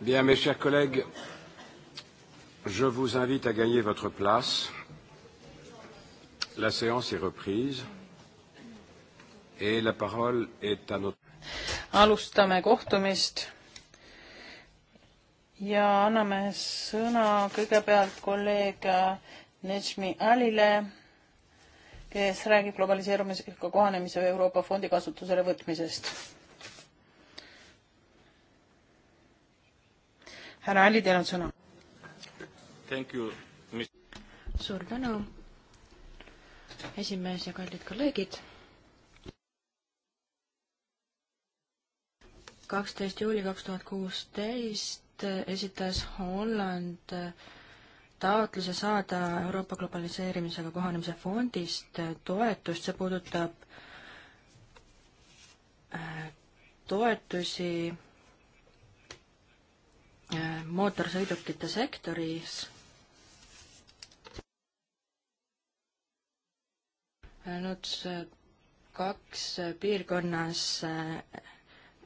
Bien, mes chers collègues, je vous invite à gagner votre place. La séance est reprise et la parole est à notre. alustame kohtumist ja anname sõna kõigepealt kolleeg Nejmi Alile, kes räägib globaliseerumisega kohanemise Euroopa Fondi kasutusele võtmisest härra Ali, teil on sõna. suur tänu, esimees ja kallid kolleegid. kaksteist juuli kaks tuhat kuusteist esitas Holland taotluse saada Euroopa globaliseerimisega kohanemise fondist toetust, see puudutab äh, toetusi mootorsõidukite sektoris NUTS kaks piirkonnas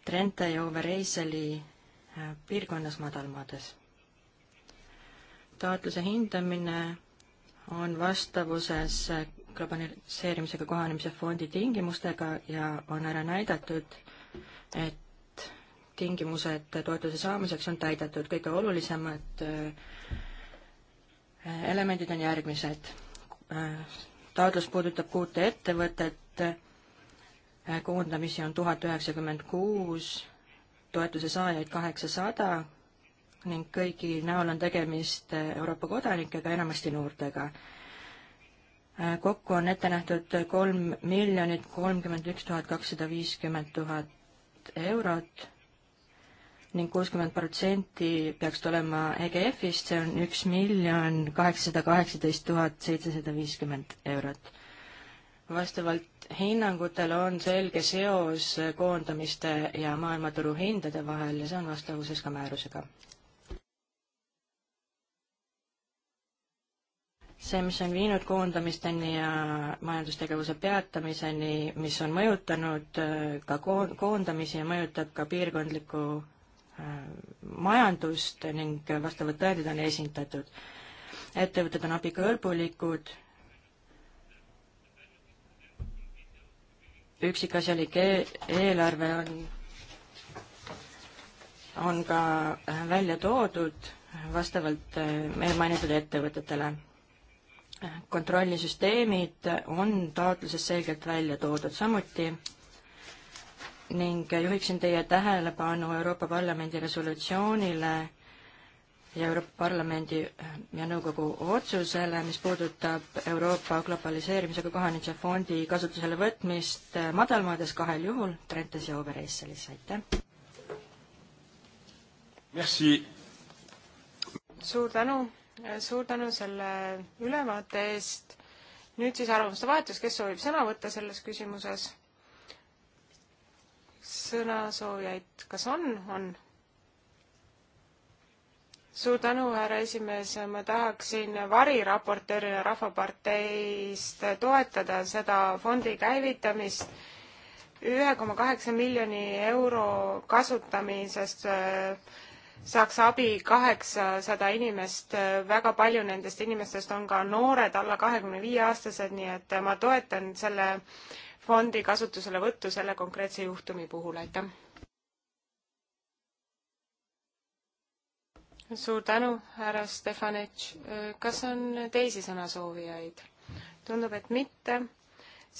Trente ja Overeiseli äh, piirkonnas madalmaades. taotluse hindamine on vastavuses äh, globaliseerimisega kohanemise fondi tingimustega ja on ära näidatud, et tingimused toetuse saamiseks on täidetud. kõige olulisemad äh, elemendid on järgmised. Äh, taotlus puudutab kuute ettevõtet, äh, koondamisi on tuhat üheksakümmend kuus, toetuse saajaid kaheksasada ning kõigi näol on tegemist Euroopa kodanikega, enamasti noortega kokku on ette nähtud kolm miljonit kolmkümmend üks tuhat kakssada viiskümmend tuhat eurot ning kuuskümmend protsenti peaks tulema EGF-ist, see on üks miljon kaheksasada kaheksateist tuhat seitsesada viiskümmend eurot. vastavalt hinnangutel on selge seos koondamiste ja maailmaturu hindade vahel ja see on vastavuses ka määrusega. see, mis on viinud koondamisteni ja majandustegevuse peatamiseni, mis on mõjutanud äh, ka koondamisi ja mõjutab ka piirkondlikku majandust ning vastavad tõendid on esitatud. ettevõtted on abikõlbulikud, üksikasjalik e eelarve on, on ka välja toodud vastavalt äh, meil mainitud ettevõtetele. kontrollisüsteemid on taotluses selgelt välja toodud, samuti ning juhiksin teie tähelepanu Euroopa Parlamendi resolutsioonile ja Euroopa Parlamendi ja Nõukogu otsusele, mis puudutab Euroopa globaliseerimisega kohanemise fondi kasutusele võtmist madalmaades kahel juhul, Trentes ja Obereisselis, aitäh! suur tänu, suur tänu selle ülevaate eest. nüüd siis arvamuste vahetus, kes soovib sõna võtta selles küsimuses? sõnasoovijaid kas on, on? suur tänu, härra esimees, ma tahaksin variraportöörina Rahvaparteist toetada seda fondi käivitamist ühe koma kaheksa miljoni euro kasutamisest äh, saaks abi kaheksasada inimest, väga palju nendest inimestest on ka noored, alla kahekümne viie aastased, nii et ma toetan selle fondi kasutuselevõttu selle konkreetse juhtumi puhul, aitäh! suur tänu, härra Stefanitš. kas on teisi sõnasoovijaid? tundub, et mitte.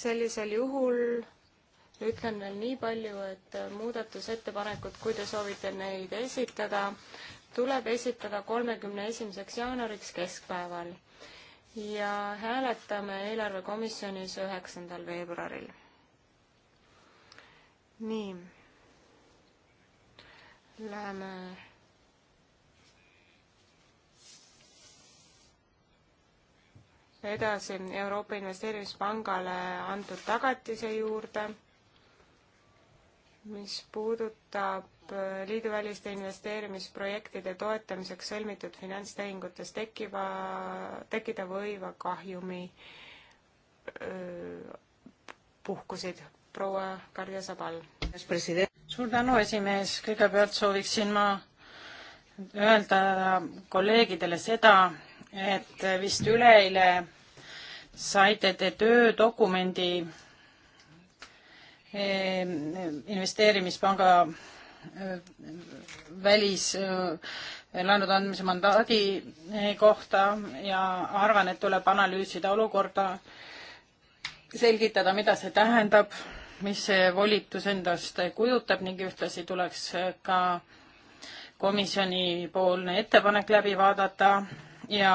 sellisel juhul ütlen veel nii palju, et muudatusettepanekud, kui te soovite neid esitada, tuleb esitada kolmekümne esimeseks jaanuariks keskpäeval ja hääletame eelarvekomisjonis üheksandal veebruaril. nii. Läheme edasi Euroopa Investeerimispangale antud tagatise juurde mis puudutab äh, liiduväliste investeerimisprojektide toetamiseks sõlmitud finantstehingutes tekkiva, tekkida võiva kahjumi öö, äh, puhkusid. proua Karja Sabal. suur tänu, esimees, kõigepealt sooviksin ma öelda kolleegidele seda, et vist üleeile saite te töödokumendi Ehm, investeerimispanga äh, välislaenude äh, andmise mandaadi äh, kohta ja arvan, et tuleb analüüsida olukorda, selgitada, mida see tähendab, mis see volitus endast kujutab ning ühtlasi tuleks ka komisjoni poolne ettepanek läbi vaadata ja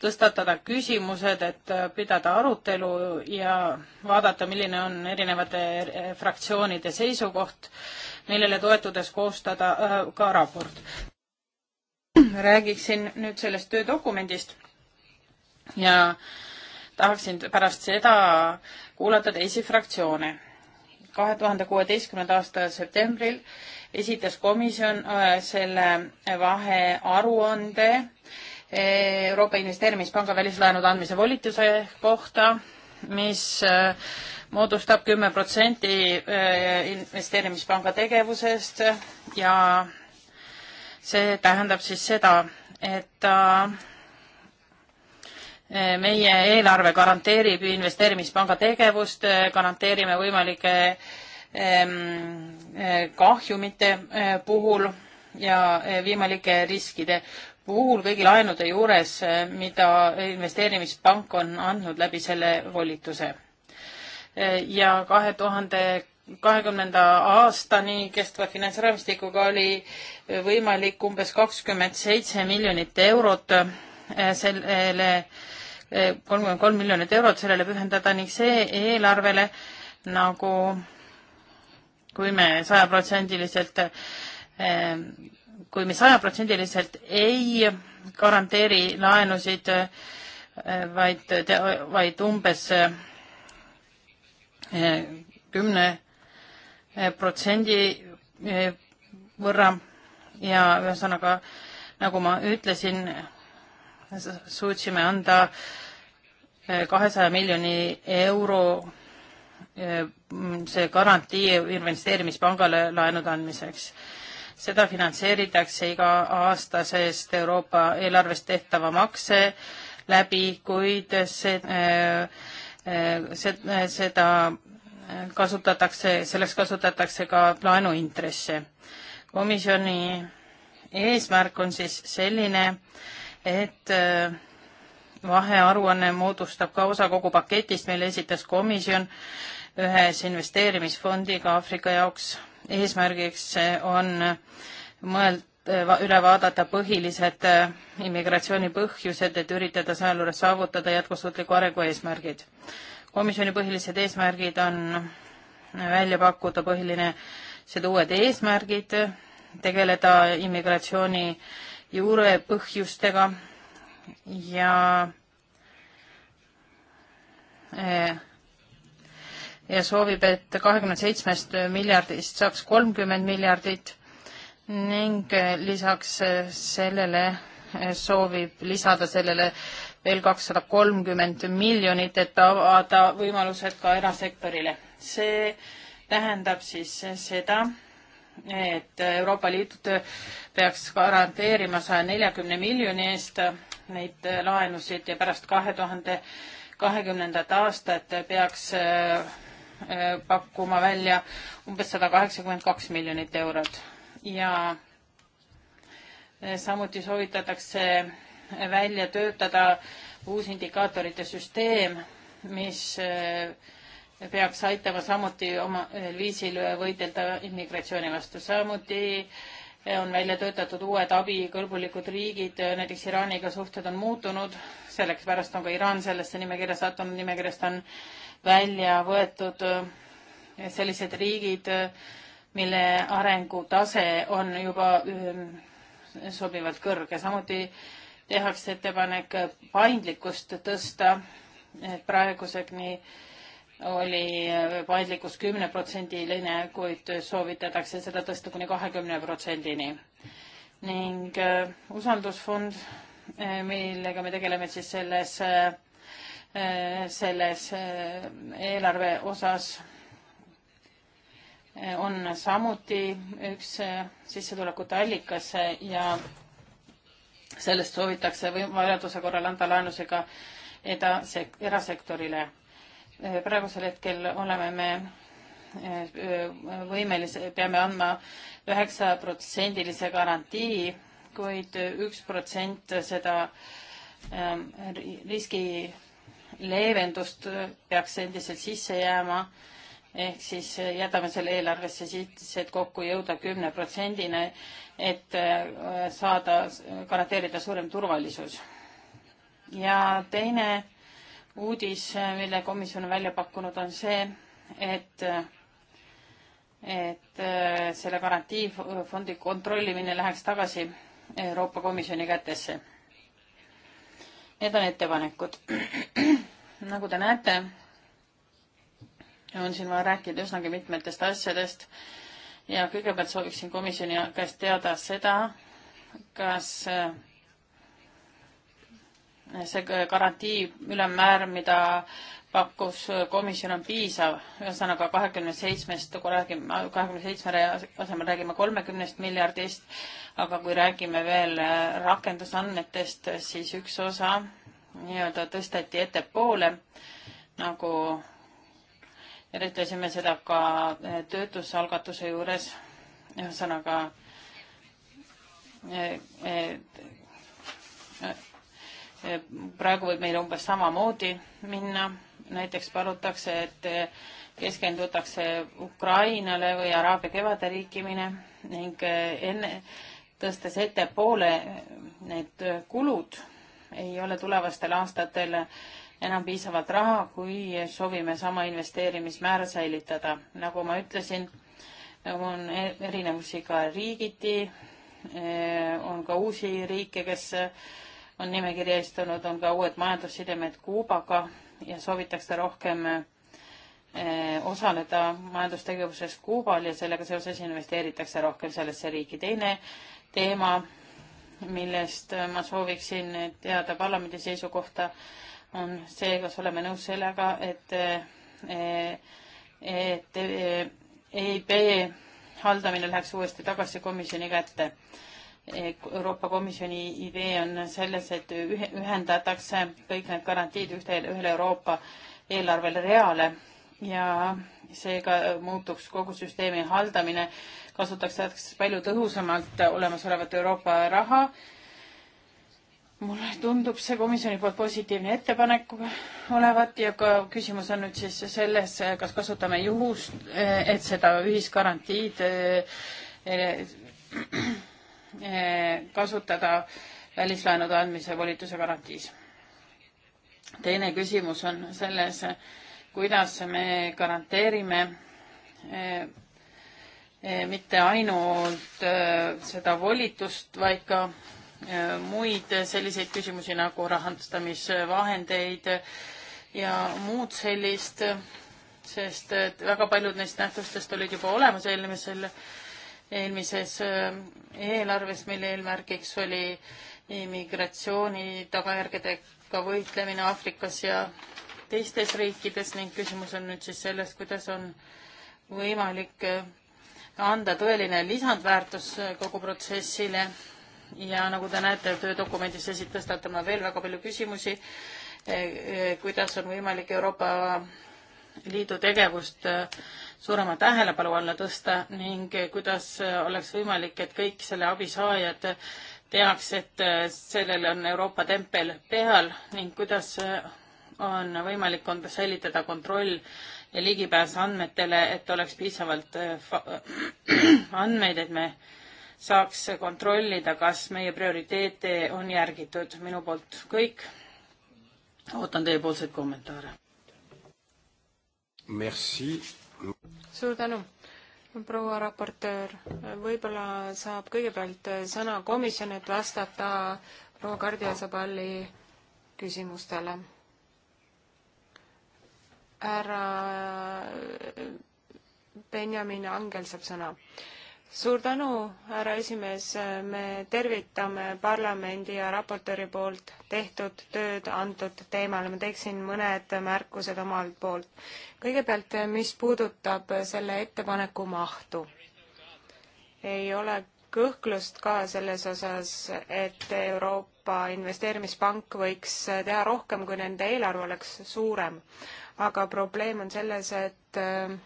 tõstatada küsimused, et pidada arutelu ja vaadata, milline on erinevate er-, er-, fraktsioonide seisukoht, millele toetudes koostada äh, ka raport. räägiksin nüüd sellest töödokumendist ja tahaksin pärast seda kuulata teisi fraktsioone. kahe tuhande kuueteistkümnenda aasta septembril esitas komisjon äh, selle vahearuande äh, Euroopa Investeerimispanga välislaenude andmise volituse kohta, mis äh, moodustab kümme protsenti äh, investeerimispanga tegevusest ja see tähendab siis seda, et ta äh, meie eelarve garanteerib investeerimispanga tegevust, garanteerime võimalike ähm, kahjumite puhul ja võimalike riskide puhul kõigi laenude juures, eh, mida investeerimispank on andnud läbi selle volituse. Eh, ja kahe tuhande kahekümnenda aastani kestva finantsraamistikuga oli eh, võimalik umbes kakskümmend seitse miljonit eurot sellele, kolmkümmend kolm miljonit eurot sellele pühendada ning see eelarvele nagu kui me sajaprotsendiliselt kui me sajaprotsendiliselt ei garanteeri laenusid, vaid, vaid umbes eh, kümne eh, protsendi eh, võrra ja ühesõnaga, nagu ma ütlesin, suutsime anda kahesaja miljoni euro see garantii investeerimispangale laenude andmiseks seda finantseeritakse iga-aastasest Euroopa eelarvest tehtava makse läbi, kuid see, äh, äh, see, äh, seda kasutatakse, selleks kasutatakse ka laenuintresse. komisjoni eesmärk on siis selline, et vahearuanne moodustab ka osa kogu paketist, mille esitas komisjon ühes investeerimisfondiga Aafrika jaoks eesmärgiks on mõeld-, üle vaadata põhilised äh, immigratsiooni põhjused, et üritada sealjuures saavutada jätkusuutliku arengu eesmärgid. komisjoni põhilised eesmärgid on välja pakkuda põhiline, need uued eesmärgid, tegeleda immigratsiooni juure põhjustega ja äh, ja soovib, et kahekümne seitsmest miljardist saaks kolmkümmend miljardit ning lisaks sellele soovib lisada sellele veel kakssada kolmkümmend miljonit, et avada võimalused ka erasektorile. see tähendab siis seda, et Euroopa Liit peaks garanteerima saja neljakümne miljoni eest neid laenusid ja pärast kahe tuhande kahekümnendat aastat peaks Äh, pakkuma välja umbes sada kaheksakümmend kaks miljonit eurot ja äh, samuti soovitatakse välja töötada uus indikaatorite süsteem, mis äh, peaks aitama samuti oma viisil võidelda immigratsiooni vastu. samuti on välja töötatud uued abikõlbulikud riigid, näiteks Iraaniga suhted on muutunud, sellepärast on ka Iraan sellesse nimekirja sattunud, nimekirjast on välja võetud äh, sellised riigid, äh, mille arengutase on juba ähm, sobivalt kõrge. samuti tehakse ettepanek paindlikkust tõsta, et praeguseni oli äh, paindlikkus kümneprotsendiline, kuid soovitatakse seda tõsta kuni kahekümne protsendini. ning usaldusfond, millega me tegeleme siis selles Äh, selles äh, eelarve osas äh, on samuti üks sissetulekute allikas ja sellest soovitakse vajaduse korral anda laenusega edasi erasektorile. praegusel hetkel oleme me võimelise, peame andma üheksaprotsendilise garantii, kuid üks protsent seda riski leevendust peaks endiselt sisse jääma, ehk siis eh, jätame selle eelarvesse sisse, et kokku jõuda kümne protsendini, et eh, saada, eh, garanteerida suurem turvalisus. ja teine uudis, mille komisjon on välja pakkunud, on see, et et selle garantiifondi kontrollimine läheks tagasi Euroopa Komisjoni kätesse. Need on ettepanekud. nagu te näete, on siin vaja rääkida üsnagi mitmetest asjadest ja kõigepealt sooviksin komisjoni käest teada seda, kas äh, see garantii ülemmäär, mida pakkus komisjon, on piisav. ühesõnaga kahekümne seitsmest, kui räägime kahekümne seitsme asemel räägime kolmekümnest miljardist, aga kui räägime veel äh, rakendusandmetest, siis üks osa nii-öelda tõsteti ettepoole, nagu üritasime seda ka eh, töötusalgatuse juures, ühesõnaga eh, eh, praegu võib meil umbes samamoodi minna, näiteks palutakse, et keskendutakse Ukrainale või Araabia kevade riikimine ning enne tõstes ettepoole need kulud, ei ole tulevastel aastatel enam piisavalt raha, kui soovime sama investeerimismäära säilitada. nagu ma ütlesin, on erinevusi ka riigiti, eh, on ka uusi riike, kes on nimekirja istunud, on ka uued majandussidemed Kuubaga ja soovitakse rohkem eh, osaleda majandustegevuses Kuubal ja sellega seoses investeeritakse rohkem sellesse riiki. teine teema millest ma sooviksin teada parlamendi seisukohta, on see, kas oleme nõus sellega, et, et EIB e haldamine läheks uuesti tagasi komisjoni kätte. Euroopa Komisjoni idee on selles, et ühendatakse kõik need garantiid ühte, ühele Euroopa eelarvele reale ja seega muutuks kogu süsteemi haldamine kasutatakse palju tõhusamalt olemasolevat Euroopa raha. mulle tundub see komisjoni poolt positiivne ettepanek olevat ja ka küsimus on nüüd siis selles, kas kasutame juhust, et seda ühisgarantiid eh, kasutada välislaenude andmise volituse garantiis. teine küsimus on selles, kuidas me garanteerime eh, Eh, mitte ainult eh, seda volitust, vaid ka eh, muid selliseid küsimusi nagu rahandustamisvahendeid ja muud sellist, sest väga paljud neist nähtustest olid juba olemas eelmisel, eelmises eelarves, mille eelmärgiks oli immigratsiooni tagajärgedega võitlemine Aafrikas ja teistes riikides ning küsimus on nüüd siis selles, kuidas on võimalik anda tõeline lisandväärtus äh, kogu protsessile ja nagu te näete, töödokumendis tõstatan ma veel väga palju küsimusi, äh, äh, kuidas on võimalik Euroopa Liidu tegevust suurema tähelepanu alla tõsta ning kuidas oleks võimalik, et kõik selle abisaajad teaks, et sellel on Euroopa tempel peal ning kuidas on võimalik on säilitada kontroll ligipääs andmetele, et oleks piisavalt äh, andmeid, et me saaks kontrollida, kas meie prioriteete on järgitud. minu poolt kõik. ootan teiepoolseid kommentaare. Merci. suur tänu proua raportöör, võib-olla saab kõigepealt sõna komisjon, et vastata proua Kardiasabali küsimustele härra äh, Benjamin Angel saab sõna. suur tänu, härra esimees, me tervitame parlamendi ja raportööri poolt tehtud tööd antud teemal, ma teeksin mõned märkused omalt poolt. kõigepealt, mis puudutab selle ettepaneku mahtu. ei ole kõhklust ka selles osas, et Euroopa Investeerimispank võiks teha rohkem, kui nende eelarve oleks suurem. aga probleem on selles, et äh,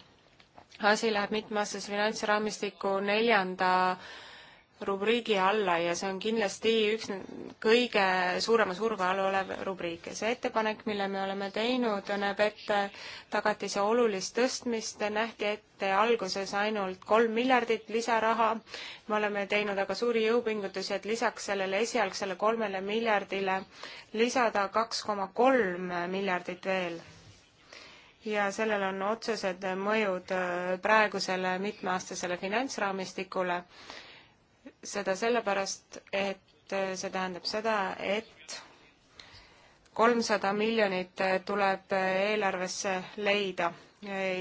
asi läheb mitmeaastase finantsraamistiku neljanda äh, rubriigi alla ja see on kindlasti üks kõige suurema surve all olev rubriik ja see ettepanek, mille me oleme teinud, näeb ette tagatise olulist tõstmist, nähti ette alguses ainult kolm miljardit lisaraha. me oleme teinud aga suuri jõupingutusi, et lisaks sellele esialgsele kolmele miljardile lisada kaks koma kolm miljardit veel ja sellel on otsesed mõjud äh, praegusele mitmeaastasele finantsraamistikule seda sellepärast, et see tähendab seda, et kolmsada miljonit tuleb eelarvesse leida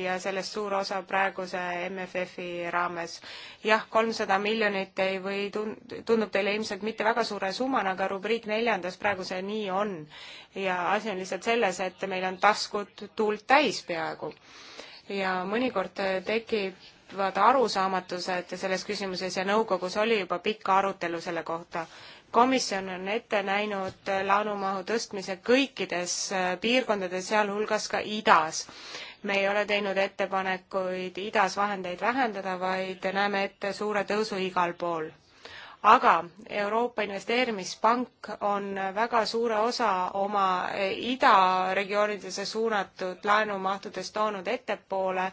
ja sellest suur osa praeguse MFF-i raames. jah, kolmsada miljonit ei või tun-, tundub teile ilmselt mitte väga suure summana, aga rubriik neljandas praegu see nii on. ja asi on lihtsalt selles, et meil on taskud tuult täis peaaegu. ja mõnikord tekib tekivad arusaamatused selles küsimuses ja nõukogus oli juba pikk arutelu selle kohta. komisjon on ette näinud laenumahu tõstmise kõikides äh, piirkondades, sealhulgas ka idas. me ei ole teinud ettepanekuid idas vahendeid vähendada, vaid näeme ette suure tõusu igal pool aga Euroopa Investeerimispank on väga suure osa oma äh, idaregioonidesse suunatud laenumahtudest toonud ettepoole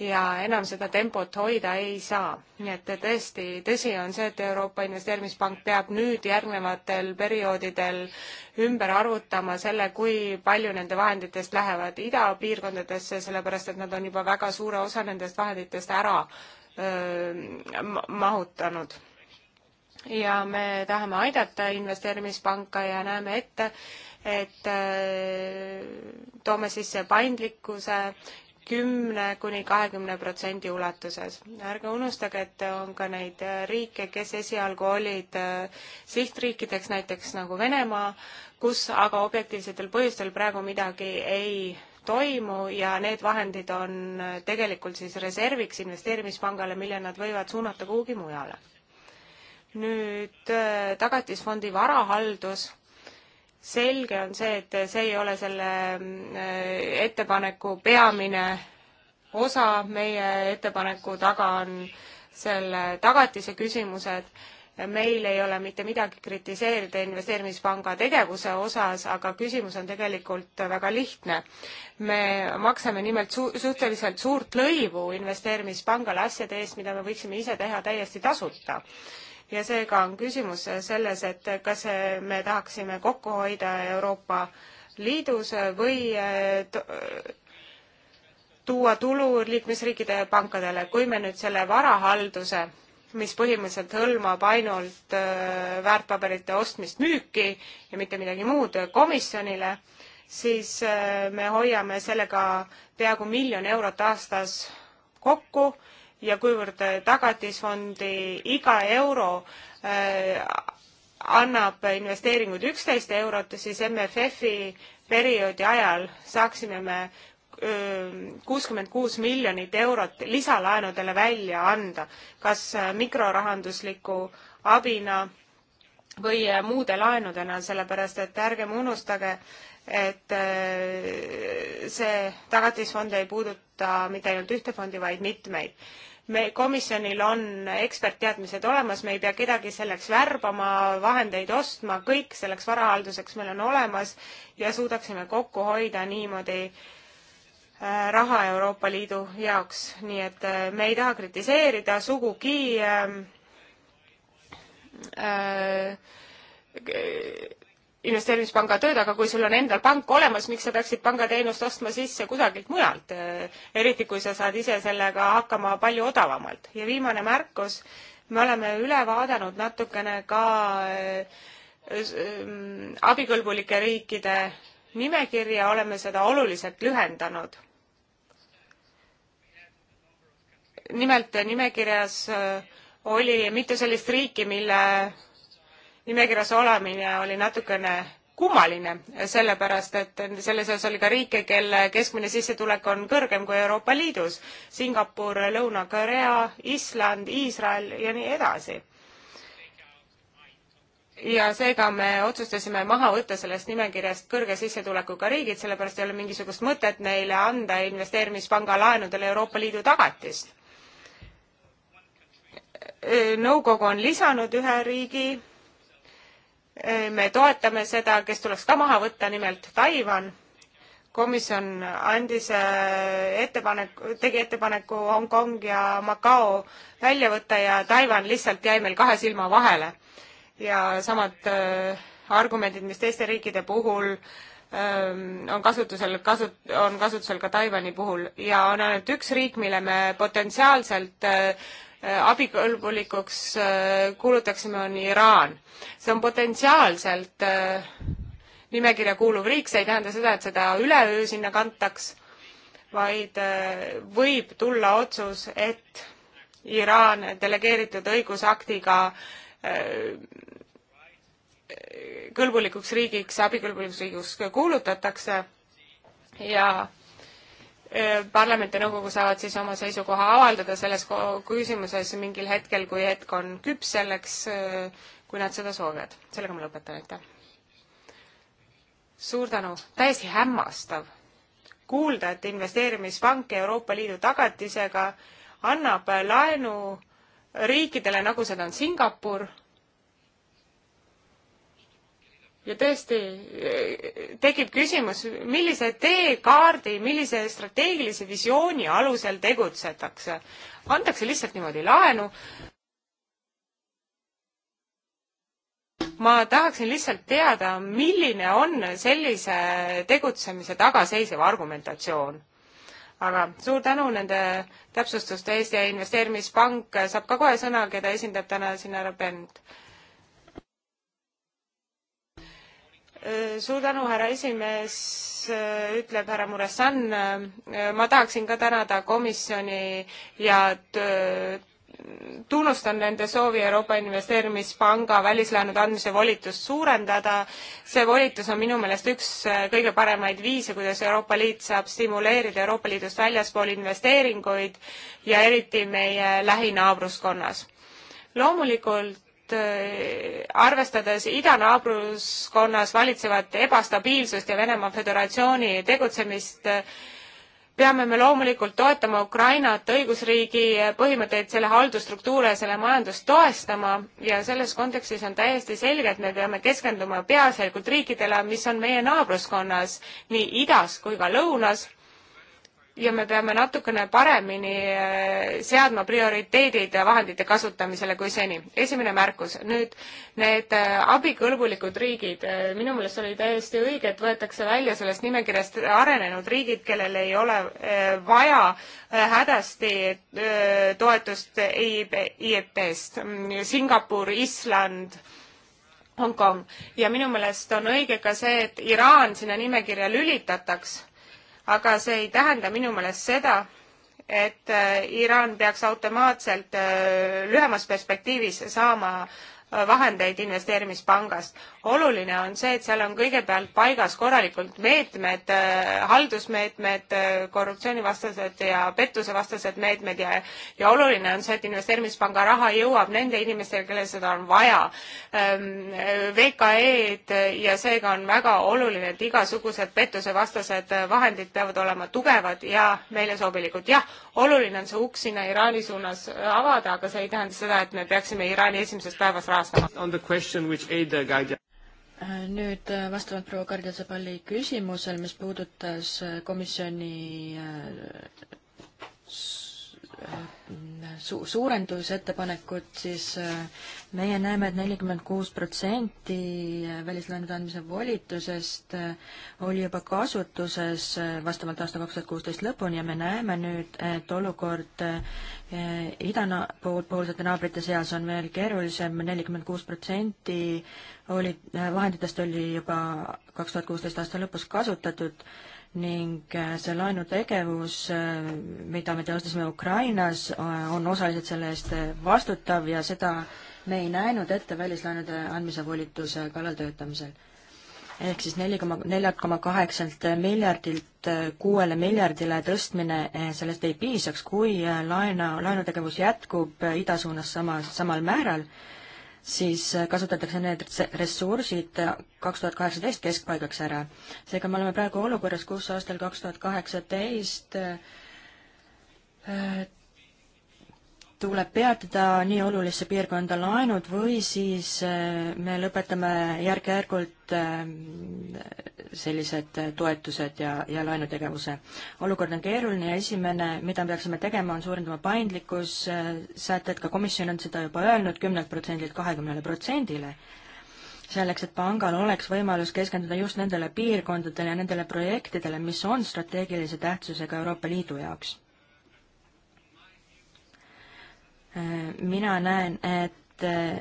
ja enam seda tempot hoida ei saa. nii et tõesti, tõsi on see, et Euroopa Investeerimispank peab nüüd järgnevatel perioodidel ümber arvutama selle, kui palju nende vahenditest lähevad idapiirkondadesse, sellepärast et nad on juba väga suure osa nendest vahenditest ära öö, mahutanud ja me tahame aidata investeerimispanka ja näeme ette, et toome sisse paindlikkuse kümne kuni kahekümne protsendi ulatuses. ärge unustage, et on ka neid riike, kes esialgu olid äh, sihtriikideks, näiteks nagu Venemaa, kus aga objektiivsetel põhjustel praegu midagi ei toimu ja need vahendid on äh, tegelikult siis reserviks investeerimispangale, mille nad võivad suunata kuhugi mujale. nüüd äh, Tagatisfondi varahaldus selge on see, et see ei ole selle äh, ettepaneku peamine osa, meie ettepaneku taga on selle tagatise küsimused meil ei ole mitte midagi kritiseerida investeerimispanga tegevuse osas, aga küsimus on tegelikult väga lihtne. me maksame nimelt su suhteliselt suurt lõivu investeerimispangale asjade eest, mida me võiksime ise teha täiesti tasuta ja seega on küsimus selles, et kas me tahaksime kokku hoida Euroopa Liidus või eh, tuua tulu liikmesriikide pankadele, kui me nüüd selle varahalduse mis põhimõtteliselt hõlmab ainult eh, väärtpaberite ostmist müüki ja mitte midagi muud komisjonile, siis eh, me hoiame sellega peaaegu miljon eurot aastas kokku ja kuivõrd äh, tagatisfondi iga euro äh, annab investeeringuid üksteist eurot, siis MFF-i perioodi ajal saaksime me kuuskümmend kuus miljonit eurot lisalaenudele välja anda, kas äh, mikrorahandusliku abina või äh, muude laenudena, sellepärast et ärgem unustage, et see tagatisfond ei puuduta mitte ainult ühte fondi, vaid mitmeid me, komisjonil on ekspertteadmised olemas, me ei pea kedagi selleks värbama, vahendeid ostma, kõik selleks varahalduseks meil on olemas ja suudaksime kokku hoida niimoodi äh, raha Euroopa Liidu jaoks, nii et äh, me ei taha kritiseerida sugugi ähm, äh, äh, investeerimispanga tööd, aga kui sul on endal pank olemas, miks sa peaksid pangateenust ostma sisse kusagilt mujalt, eriti kui sa saad ise sellega hakkama palju odavamalt. ja viimane märkus, me oleme üle vaadanud natukene ka eh, mm, abikõlbulike riikide nimekirja, oleme seda oluliselt lühendanud. nimelt nimekirjas eh, oli mitu sellist riiki, mille nimekirjas olemine oli natukene kummaline, sellepärast et selle seas oli ka riike, kelle keskmine sissetulek on kõrgem kui Euroopa Liidus. Singapur, Lõuna-Korea, Island, Iisrael ja nii edasi. ja seega me otsustasime maha võtta sellest nimekirjast kõrge sissetulekuga riigid, sellepärast ei ole mingisugust mõtet neile anda investeerimispanga laenudele Euroopa Liidu tagatist. nõukogu on lisanud ühe riigi Äh, me toetame seda, kes tuleks ka maha võtta, nimelt Taiwan. komisjon andis äh, ettepaneku, tegi ettepaneku Hongkong ja Macao välja võtta ja Taiwan lihtsalt jäi meil kahe silma vahele. ja samad äh, argumendid, mis teiste riikide puhul ähm, on kasutusel, kasu-, on kasutusel ka Taiwan'i puhul ja on ainult üks riik, mille me potentsiaalselt äh, Äh, abikõlbulikuks äh, kuulutaksime, on Iraan. see on potentsiaalselt äh, nimekirja kuuluv riik, see ei tähenda seda, et seda üleöö sinna kantaks, vaid võib tulla otsus, et Iraan delegeeritud õigusaktiga kõlbulikuks riigiks, abikõlbulikuks riigiks kuulutatakse ja parlament ja nõukogu saavad siis oma seisukoha avaldada selles küsimuses mingil hetkel, kui hetk on küps selleks, kui nad seda soovivad. sellega ma lõpetan, aitäh. suur tänu, täiesti hämmastav kuulda, et investeerimispank Euroopa Liidu tagatisega annab laenu riikidele, nagu seda on Singapur ja tõesti tekib küsimus, millise teekaardi, millise strateegilise visiooni alusel tegutsetakse. antakse lihtsalt niimoodi laenu. ma tahaksin lihtsalt teada, milline on sellise tegutsemise tagaseisev argumentatsioon aga suur tänu nende täpsustuste eest ja investeerimispank saab ka kohe sõna, keda esindab täna siin härra Bent. Äh, suur tänu, härra esimees, äh, ütleb härra Muressan. Äh, ma tahaksin ka tänada komisjoni ja tunnustan nende soovi Euroopa Investeerimispanga välislaenude andmise volitust suurendada. see volitus on minu meelest üks kõige paremaid viise, kuidas Euroopa Liit saab stimuleerida Euroopa Liidust väljaspool investeeringuid ja eriti meie lähinaabruskonnas. loomulikult et äh, arvestades idanaabruskonnas valitsevat ebastabiilsust ja Venemaa Föderatsiooni tegutsemist, äh, peame me loomulikult toetama Ukrainat, õigusriigi põhimõtteid, selle haldusstruktuure ja selle majandust toestama ja selles kontekstis on täiesti selge, et me peame keskenduma peaasjalikult riikidele, mis on meie naabruskonnas nii idas kui ka lõunas ja me peame natukene paremini eh, seadma prioriteedid vahendite kasutamisele kui seni. esimene märkus. nüüd need eh, abikõlbulikud riigid, eh, minu meelest oli täiesti õige, et võetakse välja sellest nimekirjast arenenud riigid, kellel ei ole vaja hädasti toetust IEP-st. Mm, Singapur, Island Hongkong ja minu meelest on õige ka see, et Iraan sinna nimekirja lülitataks aga see ei tähenda minu meelest seda, et äh, Iraan peaks automaatselt äh, lühemas perspektiivis saama vahendeid investeerimispangast. oluline on see, et seal on kõigepealt paigas korralikult meetmed, äh, haldusmeetmed, äh, korruptsioonivastased ja pettusevastased meetmed ja ja oluline on see, et investeerimispanga raha jõuab nende inimestele, kellel seda on vaja. Ähm, VKE-d ja seega on väga oluline, et igasugused pettusevastased vahendid peavad olema tugevad ja meile sobilikud. jah, oluline on see uks sinna Iraani suunas avada, aga see ei tähenda seda, et me peaksime Iraani esimesest päevast rahastama. nüüd äh, vastavalt proua Kardjasepalli küsimusel, mis puudutas äh, komisjoni äh, su-, suurendusettepanekut, siis äh, meie näeme et, et nelikümmend kuus protsenti välislaenude andmise volitusest äh, oli juba kasutuses äh, vastavalt aasta kaks tuhat kuusteist lõpuni ja me näeme nüüd, et olukord idapoolsete naabrite seas on veel keerulisem, nelikümmend kuus protsenti oli, vahenditest oli juba kaks tuhat kuusteist aasta lõpus kasutatud ning äh, see laenutegevus, äh, mida me teostasime Ukrainas, äh, on osaliselt selle eest vastutav ja seda me ei näinud ette välislaenude andmise volituse kallal töötamisel ehk siis neli koma, neljalt koma kaheksalt miljardilt kuuele miljardile tõstmine, sellest ei piisaks, kui laena, laenutegevus jätkub ida suunas sama, samal määral siis äh, kasutatakse need ressursid äh, kaks tuhat kaheksateist keskpaigaks ära. seega me oleme praegu olukorras, kus aastal kaks tuhat kaheksateist äh, tuleb peatada nii olulisse piirkonda laenud või siis eh, me lõpetame järk-järgult eh, sellised toetused ja, ja laenutegevuse. olukord on keeruline ja esimene, mida me peaksime tegema, on suurendama paindlikkus, eh, sätted, ka komisjon on seda juba öelnud, kümnelt protsendilt kahekümnele protsendile, selleks, et pangal oleks võimalus keskenduda just nendele piirkondadele ja nendele projektidele, mis on strateegilise tähtsusega Euroopa Liidu jaoks mina näen, et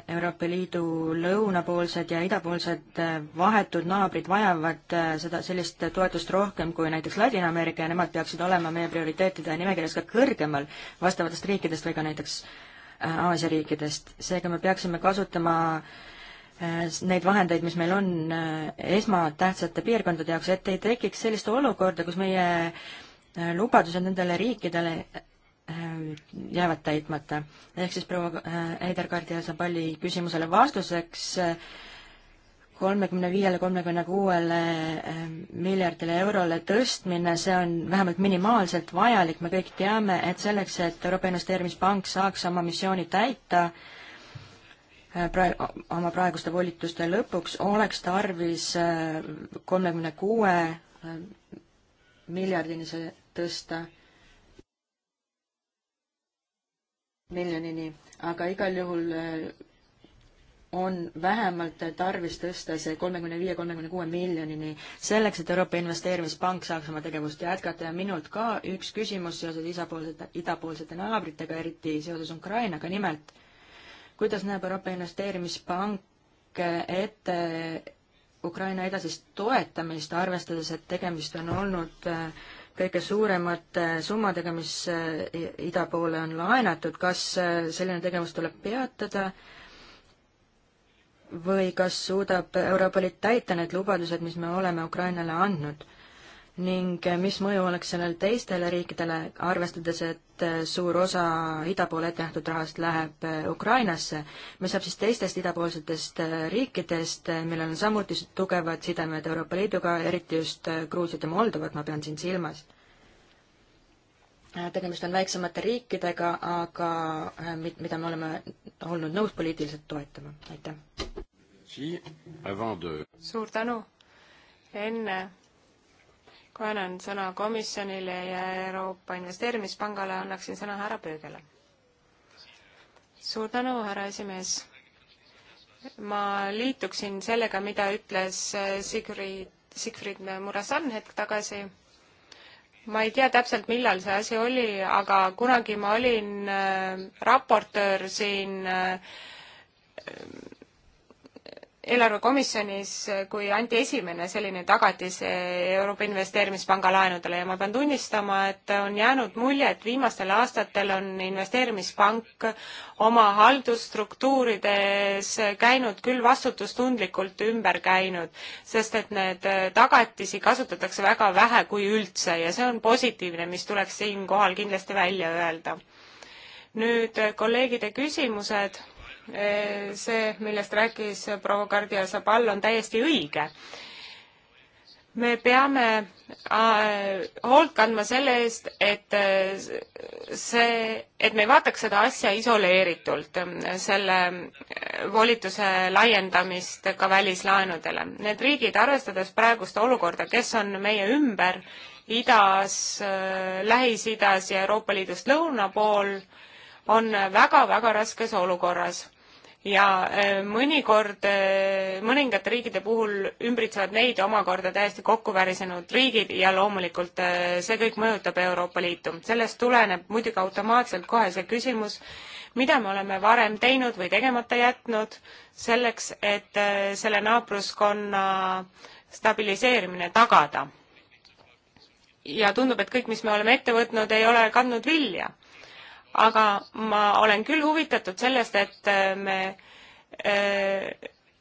Euroopa Liidu lõunapoolsed ja idapoolsed vahetud naabrid vajavad äh, seda, sellist toetust rohkem kui näiteks Ladina-Ameerika ja nemad peaksid olema meie prioriteetide nimekirjas ka kõrgemal vastavatest riikidest või ka näiteks äh, Aasia riikidest. seega me peaksime kasutama äh, neid vahendeid, mis meil on esmatähtsate piirkondade jaoks, et ei tekiks sellist olukorda, kus meie lubadused nendele riikidele Äh, jäävad täitmata. ehk siis proua äh, Heiderkaardi ja Zabali küsimusele vastuseks äh, kolmekümne viiele, kolmekümne kuuele miljardile eurole tõstmine, see on vähemalt minimaalselt vajalik, me kõik teame, et selleks, et Euroopa Investeerimispank saaks oma missiooni täita, praegu, oma praeguste volituste lõpuks, oleks tarvis kolmekümne kuue miljardini see tõsta miljonini, aga igal juhul äh, on vähemalt tarvis tõsta see kolmekümne viie, kolmekümne kuue miljonini, selleks et Euroopa Investeerimispank saaks oma tegevust jätkata ja minult ka üks küsimus seoses isapoolsete, idapoolsete naabritega, eriti seoses Ukrainaga, nimelt kuidas näeb Euroopa Investeerimispank ette Ukraina edasist toetamist, arvestades, et tegemist on olnud äh, kõige suuremate äh, summadega, mis äh, ida poole on laenatud, kas äh, selline tegevus tuleb peatada või kas suudab Euroopa Liit täita need lubadused, mis me oleme Ukrainale andnud? ning eh, mis mõju oleks sellel teistele riikidele, arvestades, et eh, suur osa ida poole ette nähtud rahast läheb eh, Ukrainasse, mis saab siis teistest idapoolsetest riikidest, millel on samuti tugevad sidemed Euroopa Liiduga, eriti just Gruusiat ja Moldovat ma pean siin silmas? Äh, tegemist on väiksemate riikidega, aga äh, mida me oleme olnud nõus poliitiliselt toetama, aitäh! suur tänu! enne kui annan sõna komisjonile ja Euroopa Investeerimispangale, annaksin sõna härra Pöögele. suur tänu, härra esimees. ma liituksin sellega, mida ütles äh, Sigrid, Sigfrid Murasan hetk tagasi ma ei tea täpselt, millal see asi oli, aga kunagi ma olin äh, raportöör siin äh, eelarvekomisjonis, kui anti esimene selline tagatis Euroopa Investeerimispanga laenudele ja ma pean tunnistama, et on jäänud mulje, et viimastel aastatel on investeerimispank oma haldusstruktuurides käinud küll vastutustundlikult ümber käinud, sest et need tagatisi kasutatakse väga vähe, kui üldse, ja see on positiivne, mis tuleks siinkohal kindlasti välja öelda. nüüd kolleegide küsimused Eh, see, millest rääkis proua Kardia Sabal, on täiesti õige. me peame äh, hoolt kandma selle eest, et äh, see, et me ei vaataks seda asja isoleeritult, selle äh, volituse laiendamist ka välislaenudele. Need riigid, arvestades praegust olukorda, kes on meie ümber, idas, Lähis-Idas ja Euroopa Liidust lõuna pool, on väga-väga raskes olukorras ja äh, mõnikord äh, mõningate riikide puhul ümbritsevad neid omakorda täiesti kokku värisenud riigid ja loomulikult äh, see kõik mõjutab Euroopa Liitu. sellest tuleneb muidugi automaatselt kohe see küsimus, mida me oleme varem teinud või tegemata jätnud selleks, et selle naabruskonna stabiliseerimine tagada. ja tundub, et kõik, mis me oleme ette võtnud, ei ole kandnud vilja aga ma olen küll huvitatud sellest, et äh, me äh,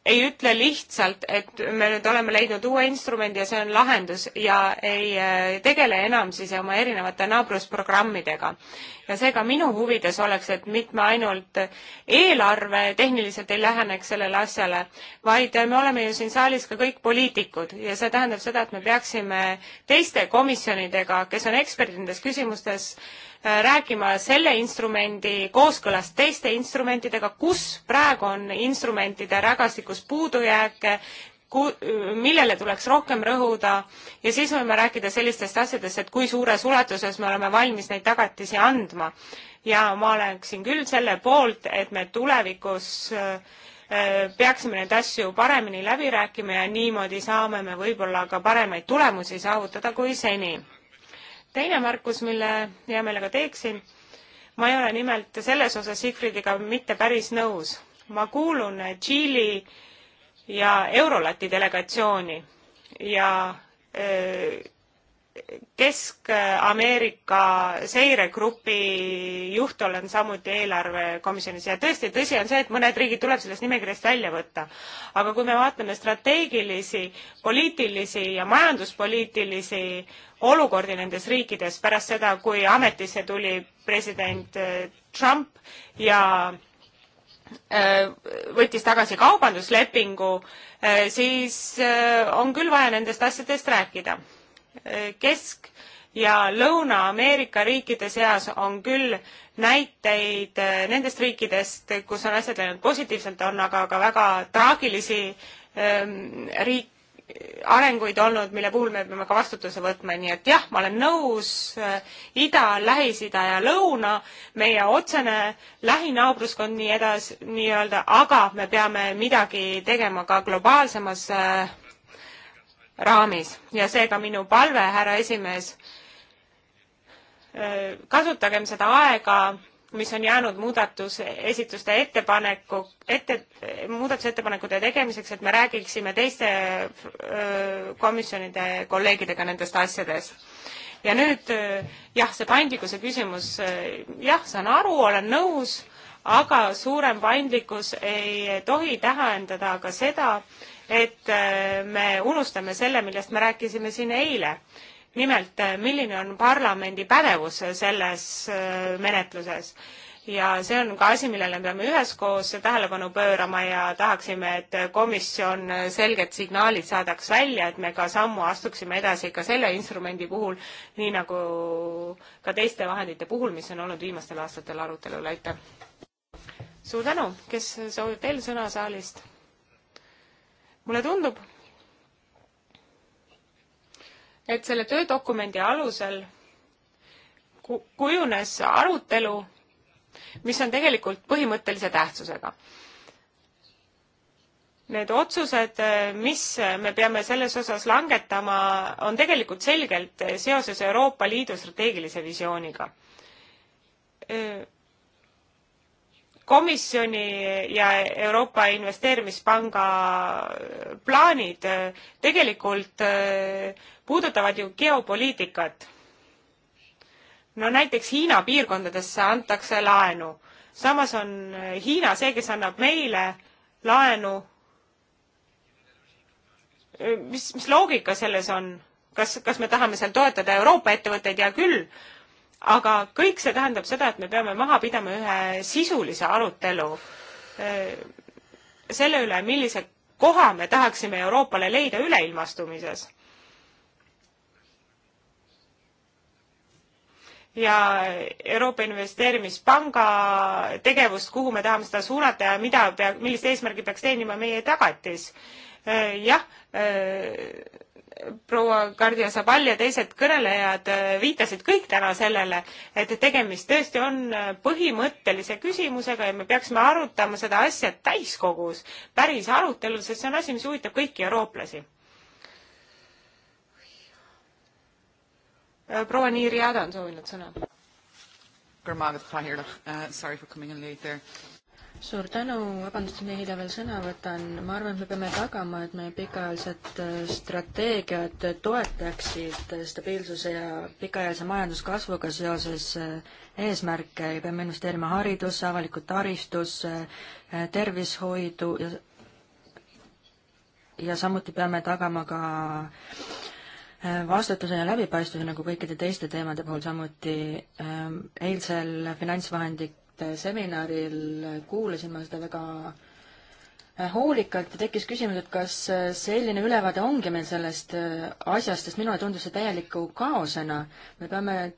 ei ütle lihtsalt, et me nüüd oleme leidnud uue instrumendi ja see on lahendus ja ei äh, tegele enam siis oma erinevate naabrusprogrammidega. ja seega minu huvides oleks, et mitte ainult eelarve tehniliselt ei läheneks sellele asjale, vaid me oleme ju siin saalis ka kõik poliitikud ja see tähendab seda, et me peaksime teiste komisjonidega, kes on eksperdid nendes küsimustes, äh, Äh, rääkima selle instrumendi kooskõlast teiste instrumentidega, kus praegu on instrumentide rägastikus puudujääke, ku-, millele tuleks rohkem rõhuda ja siis võime rääkida sellistest asjadest, et kui suures ulatuses me oleme valmis neid tagatisi andma. ja ma oleksin küll selle poolt, et me tulevikus äh, peaksime neid asju paremini läbi rääkima ja niimoodi saame me võib-olla ka paremaid tulemusi saavutada kui seni teine märkus, mille hea meelega teeksin, ma ei ole nimelt selles osas Sigfridiga mitte päris nõus. ma kuulun Tšiili ja Eurolati delegatsiooni ja öö, Kesk-Ameerika seiregrupi juht olen samuti eelarvekomisjonis ja tõesti, tõsi on see, et mõned riigid tuleb sellest nimekirjast välja võtta. aga kui me vaatame strateegilisi, poliitilisi ja majanduspoliitilisi olukordi nendes riikides pärast seda, kui ametisse tuli president äh, Trump ja äh, võttis tagasi kaubanduslepingu, äh, siis on küll vaja nendest asjadest rääkida Eh, Kesk- ja Lõuna-Ameerika riikide seas on küll näiteid eh, nendest riikidest, kus on asjad läinud positiivselt, on aga ka väga traagilisi ehm, riik-, arenguid olnud, mille puhul me peame ka vastutuse võtma, nii et jah, ma olen nõus, eh, ida, Lähis-Ida ja lõuna, meie otsene lähinaabruskond nii edasi, nii-öelda, aga me peame midagi tegema ka globaalsemas äh, raamis ja seega minu palve, härra esimees, äh, kasutagem seda aega, mis on jäänud muudatusesituste ettepaneku, ette, muudatusettepanekute tegemiseks, et me räägiksime teiste äh, komisjonide kolleegidega nendest asjadest. ja nüüd äh, jah, see paindlikkuse küsimus, jah, saan aru, olen nõus, aga suurem paindlikkus ei tohi tähendada ka seda, et äh, me unustame selle, millest me rääkisime siin eile. nimelt, äh, milline on parlamendi pädevus selles äh, menetluses ja see on ka asi, millele me peame üheskoos tähelepanu pöörama ja tahaksime, et komisjon selged signaalid saadaks välja, et me ka sammu astuksime edasi ka selle instrumendi puhul, nii nagu ka teiste vahendite puhul, mis on olnud viimastel aastatel arutelul, aitäh! suur tänu, kes soovib veel sõna saalist? mulle tundub, et selle töödokumendi alusel kujunes arutelu, mis on tegelikult põhimõttelise tähtsusega. Need otsused, mis me peame selles osas langetama, on tegelikult selgelt seoses Euroopa Liidu strateegilise visiooniga komisjoni ja Euroopa Investeerimispanga plaanid äh, tegelikult äh, puudutavad ju geopoliitikat. no näiteks Hiina piirkondadesse antakse laenu, samas on äh, Hiina see, kes annab meile laenu. mis, mis loogika selles on? kas, kas me tahame seal toetada Euroopa ettevõtteid, hea küll, aga kõik see tähendab seda, et me peame maha pidama ühe sisulise arutelu eh, selle üle, millise koha me tahaksime Euroopale leida üleilmastumises. ja Euroopa Investeerimispanga tegevust, kuhu me tahame seda suunata ja mida pea, millist eesmärgi peaks teenima meie tagatis. Eh, jah eh, proua Kardio Sabal ja teised kõnelejad äh, viitasid kõik täna sellele, et tegemist tõesti on äh, põhimõttelise küsimusega ja me peaksime arutama seda asja täiskogus, päris arutelul, sest see on asi, mis huvitab kõiki eurooplasi. Äh, proua Niiri Jääda on soovinud sõna. Sorry for coming in late there suur tänu, vabandust, et ma hilja veel sõna võtan. ma arvan, et me peame tagama, et meie pikaajalised äh, strateegiad toetaksid stabiilsuse ja pikaajalise majanduskasvuga seoses äh, eesmärke ja peame investeerima haridusse, avalikku taristusse, äh, tervishoidu ja ja samuti peame tagama ka vastutuse ja läbipaistvuse nagu kõikide teiste teemade puhul, samuti eilsel finantsvahendik liikmete seminaril kuulasin ma seda väga äh, hoolikalt ja tekkis küsimus, et kas äh, selline ülevaade ongi meil sellest äh, asjast, sest minule tundus see täieliku kaosena. me peame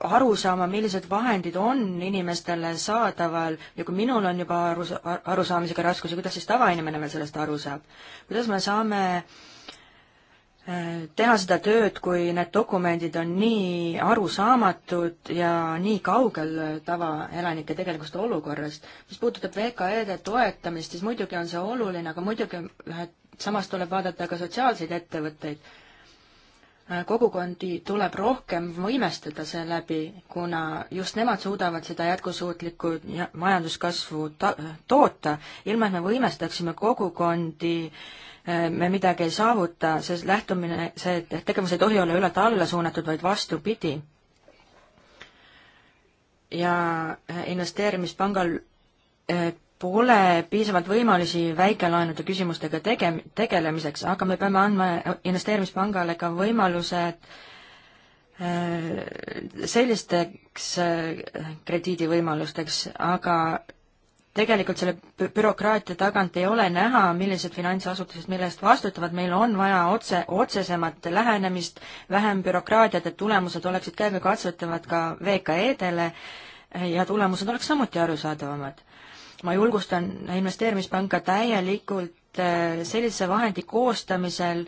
aru saama, millised vahendid on inimestele saadaval ja kui minul on juba aru, arusaamisega raskusi, kuidas siis tavainimene veel sellest aru saab? kuidas me saame äh, teha seda tööd, kui need dokumendid on nii arusaamatud ja nii kaugel tavaelanike tegelikust olukorrast. mis puudutab VKE-de toetamist, siis muidugi on see oluline, aga muidugi samas tuleb vaadata ka sotsiaalseid ettevõtteid. Äh, kogukondi tuleb rohkem võimestada seeläbi, kuna just nemad suudavad seda jätkusuutlikku majanduskasvu ta-, toota, ilma et me võimestaksime kogukondi, äh, me midagi ei saavuta, see lähtumine, see tegevus ei tohi olla ülalt alla suunatud, vaid vastupidi. ja äh, investeerimispangal pole piisavalt võimalusi väikelaenude küsimustega tege-, tegelemiseks, aga me peame andma investeerimispangale ka võimalused äh, sellisteks äh, krediidivõimalusteks, aga tegelikult selle bürokraatia tagant ei ole näha, millised finantsasutused mille eest vastutavad, meil on vaja otse, otsesemat lähenemist, vähem bürokraatiat, et tulemused oleksid käegakatsetavad ka VKE-dele ja tulemused oleks samuti arusaadavamad ma julgustan investeerimispanka täielikult äh, sellise vahendi koostamisel,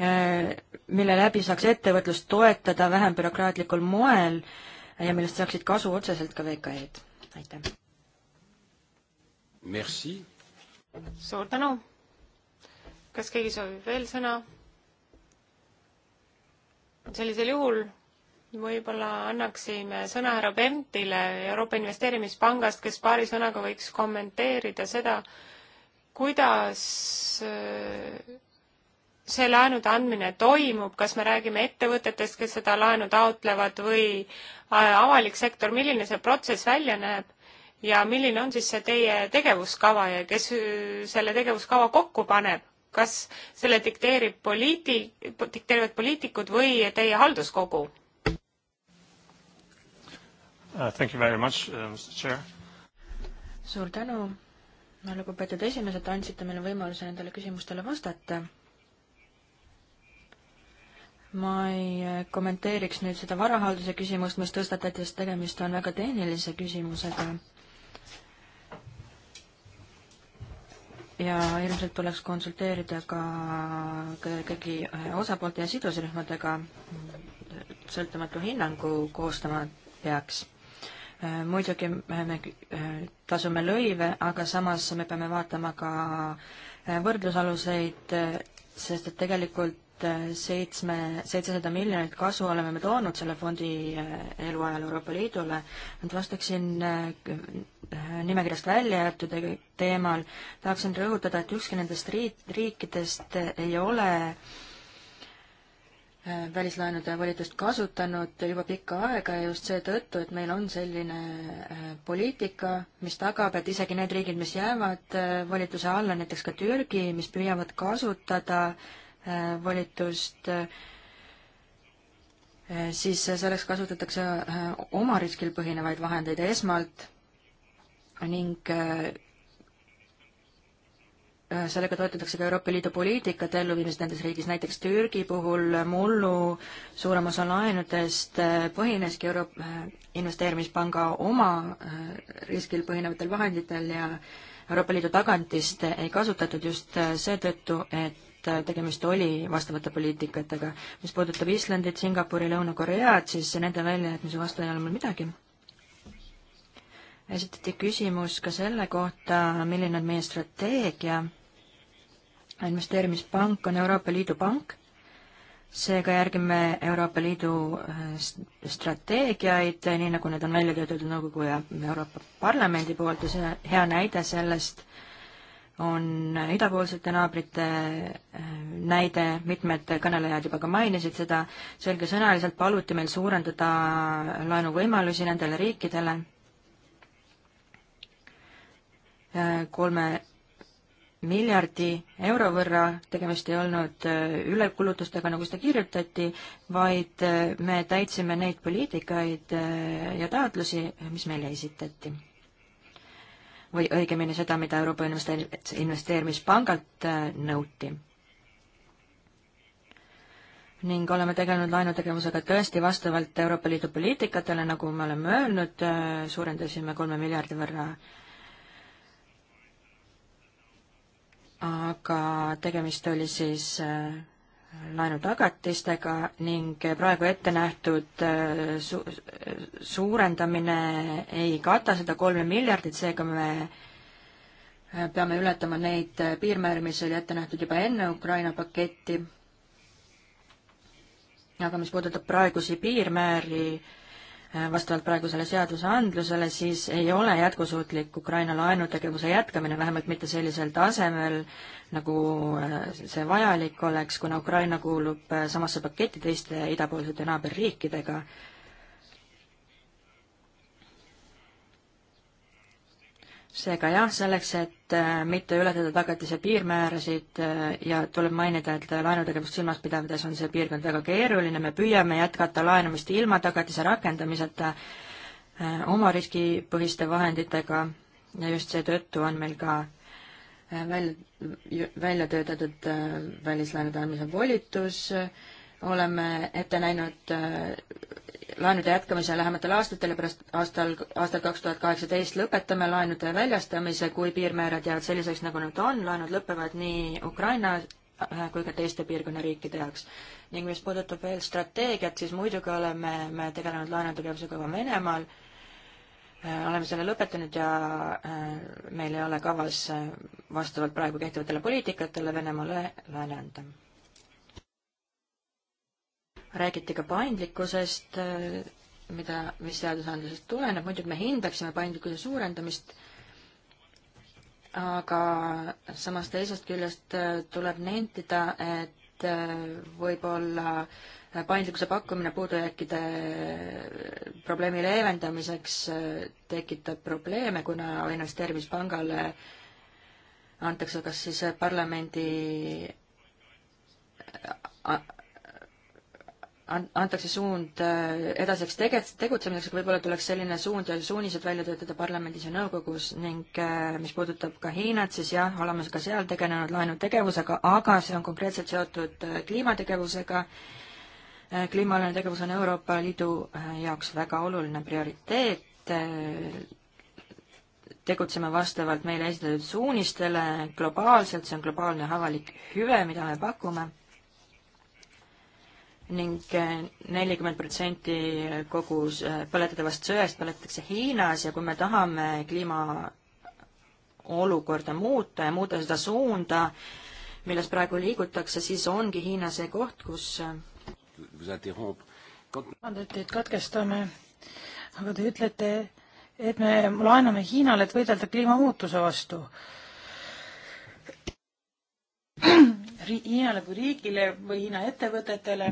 äh, mille läbi saaks ettevõtlust toetada vähem bürokraatlikul moel ja millest saaksid kasu otseselt ka VKE-d. aitäh! Merci! suur tänu! kas keegi soovib veel sõna? sellisel juhul võib-olla annaksime sõna härra Bemtile Euroopa Investeerimispangast, kes paari sõnaga võiks kommenteerida seda, kuidas äh, see laenude andmine toimub, kas me räägime ettevõtetest, kes seda laenu taotlevad või äh, avalik sektor, milline see protsess välja näeb ja milline on siis see teie tegevuskava ja kes äh, selle tegevuskava kokku paneb? kas selle dikteerib poliiti-, dikteerivad poliitikud või teie halduskogu? uh,. Thank you very much uh,, Mr Chair. suur tänu, lugupeetud esimees, et andsite meile võimaluse nendele küsimustele vastata. ma ei äh, kommenteeriks nüüd seda varahalduse küsimust, mis tõstatati, sest tegemist on väga tehnilise küsimusega ja ilmselt tuleks konsulteerida ka kõigi äh, osapoolte ja sidusrühmadega sõltumatu hinnangu koostama peaks. Äh, muidugi äh, me äh, tasume lõive, aga samas me peame vaatama ka võrdlusaluseid, sest et tegelikult seitsme, seitsesada miljonit kasu oleme me toonud selle fondi eluajal Euroopa Liidule. nüüd vastaksin nimekirjast välja jäetud teemal, tahaksin rõhutada, et ükski nendest riikidest ei ole äh, välislaenude volitust kasutanud juba pikka aega ja just seetõttu, et meil on selline äh, poliitika, mis tagab, et isegi need riigid, mis jäävad äh, volituse alla, näiteks ka Türgi, mis püüavad kasutada äh, volitust, siis selleks kasutatakse oma riskil põhinevaid vahendeid esmalt ning Äh, sellega toetatakse ka Euroopa Liidu poliitikat elluviimist nendes riigis, näiteks Türgi puhul mullu suurem osa laenudest äh, põhineski Euro-, äh, investeerimispanga oma riskil põhinevatel vahenditel ja Euroopa Liidu tagantist ei kasutatud just seetõttu, et tegemist oli vastavate poliitikatega. mis puudutab Islandit, Singapuri, Lõuna-Koread, siis nende väljaütlemise vastu ei ole mul midagi esitati küsimus ka selle kohta, milline on meie strateegia. investeerimispank on Euroopa Liidu pank, seega järgime Euroopa Liidu äh, strateegiaid, nii nagu need on välja töötatud Nõukogu ja Euroopa Parlamendi poolt ja see hea näide sellest on idapoolsete naabrite äh, näide, mitmed kõnelejad juba ka mainisid seda, selgesõnaliselt paluti meil suurendada laenuvõimalusi nendele riikidele kolme miljardi euro võrra, tegemist ei olnud äh, ülekulutustega, nagu seda kirjutati, vaid äh, me täitsime neid poliitikaid äh, ja taotlusi, mis meile esitati. või õigemini seda, mida Euroopa Investeerimispangalt nõuti. ning oleme tegelenud laenutegevusega tõesti vastavalt Euroopa Liidu poliitikatele, nagu me oleme öelnud, suurendasime kolme miljardi võrra äh, aga tegemist oli siis äh, laenutagatistega ning praegu ette nähtud äh, su-, suurendamine ei kata seda kolme miljardit, seega me äh, peame ületama neid piirmääre, mis oli ette nähtud juba enne Ukraina paketti. aga mis puudutab praegusi piirmääri, Äh, vastavalt praegusele seadusandlusele, siis ei ole jätkusuutlik Ukraina laenutegevuse jätkamine, vähemalt mitte sellisel tasemel, nagu äh, see vajalik oleks, kuna Ukraina kuulub äh, samasse paketti teiste idapoolsete naaberriikidega seega jah, selleks, et äh, mitte ületada tagatise piirmäärasid äh, ja tuleb mainida, et äh, laenutegevust silmas pidades on see piirkond väga keeruline, me püüame jätkata laenamist ilma tagatise rakendamiseta oma riskipõhiste vahenditega ja just seetõttu on meil ka välja, välja töötatud välislaenude andmise volitus, oleme ette näinud laenude jätkamise lähematel aastatel ja pärast aastal, aastal kaks tuhat kaheksateist lõpetame laenude väljastamise, kui piirmäärad jäävad selliseks, nagu nad on, laenud lõpevad nii Ukraina äh, kui ka teiste piirkonna riikide jaoks. ning mis puudutab veel strateegiat, siis muidugi oleme me tegelenud laenutegevusega ka Venemaal, äh, oleme selle lõpetanud ja äh, meil ei ole kavas vastavalt praegu kehtivatele poliitikatele Venemaale laene anda räägiti ka paindlikkusest, äh, mida, mis seadusandlusest tuleneb, muidugi me hindaksime paindlikkuse suurendamist, aga samas teisest küljest äh, tuleb nentida, et äh, võib-olla paindlikkuse pakkumine puudujääkide probleemi leevendamiseks tekitab probleeme, kuna investeerimispangale antakse kas siis parlamendi antakse suund äh, edaseks tege-, tegutsemiseks, aga võib-olla tuleks selline suund ja suunised välja töötada parlamendis ja nõukogus ning äh, mis puudutab ka Hiinat, siis jah, oleme ka seal tegelenud laenutegevusega, aga see on konkreetselt seotud äh, kliimategevusega. kliimaalane tegevus on Euroopa Liidu jaoks väga oluline prioriteet, tegutseme vastavalt meile esitatud suunistele globaalselt, see on globaalne avalik hüve, mida me pakume ning eh, nelikümmend protsenti kogu eh, põletatavast söest põletatakse Hiinas ja kui me tahame kliimaolukorda muuta ja muuta seda suunda, milles praegu liigutakse, siis ongi Hiina see koht, kus eh, vabandust, teid katkestame, aga te ütlete, et me laename Hiinale, et võidelda kliimamuutuse vastu. Hiinale kui riigile või Hiina ettevõtetele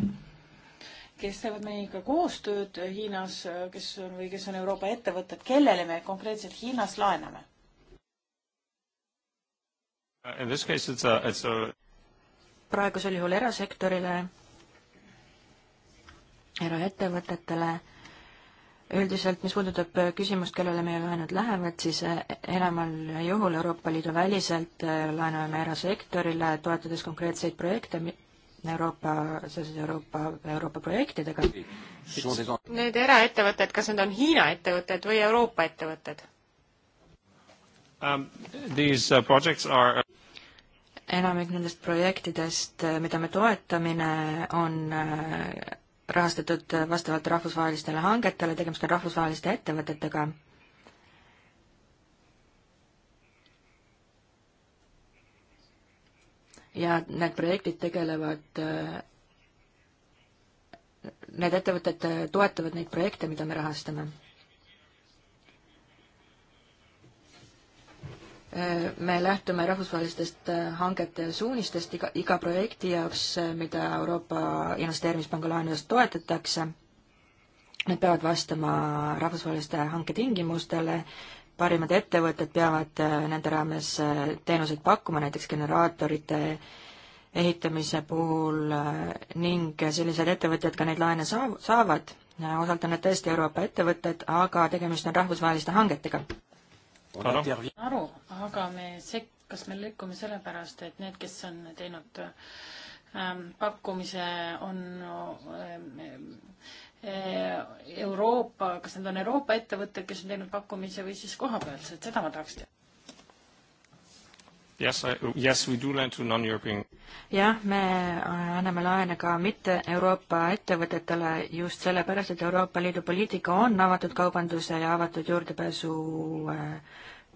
kes teevad meiega koostööd Hiinas, kes on või kes on Euroopa ettevõtted, kellele me konkreetselt Hiinas laename? Uh, a... praegusel juhul erasektorile, eraettevõtetele, üldiselt mis puudutab küsimust, kellele meie laenud lähevad, siis eh, enamal juhul Euroopa Liidu väliselt eh, laename erasektorile, toetades konkreetseid projekte, Euroopa, seoses Euroopa, Euroopa projektidega. Need eraettevõtted, kas need on Hiina ettevõtted või Euroopa ettevõtted um,? These uh, projects are uh, enamik nendest projektidest, äh, mida me toetamine, on äh, rahastatud äh, vastavalt rahvusvahelistele hangetele, tegemist on rahvusvaheliste ettevõtetega ja need projektid tegelevad, need ettevõtted toetavad neid projekte, mida me rahastame. me lähtume rahvusvahelistest hangete suunistest iga, iga projekti jaoks, mida Euroopa Investeerimispanga laenudest toetatakse. Need peavad vastama rahvusvaheliste hanke tingimustele parimad ettevõtted peavad äh, nende raames äh, teenuseid pakkuma, näiteks generaatorite ehitamise puhul äh, ning sellised ettevõtjad ka neid laene saav-, saavad, osalt on need tõesti Euroopa ettevõtted, aga tegemist on rahvusvaheliste hangetega. aru, aga me sek-, kas me lõikume sellepärast, et need, kes on teinud ähm, pakkumise, on ähm, Eh, Euroopa, kas need on Euroopa ettevõtted, kes on teinud pakkumise või siis kohapealsed, seda ma tahaks teada. Yes, I, yes, we do lend to non-European. jah, me äh, anname laene ka mitte Euroopa ettevõtetele just sellepärast, et Euroopa Liidu poliitika on avatud kaubanduse ja avatud juurdepääsu äh,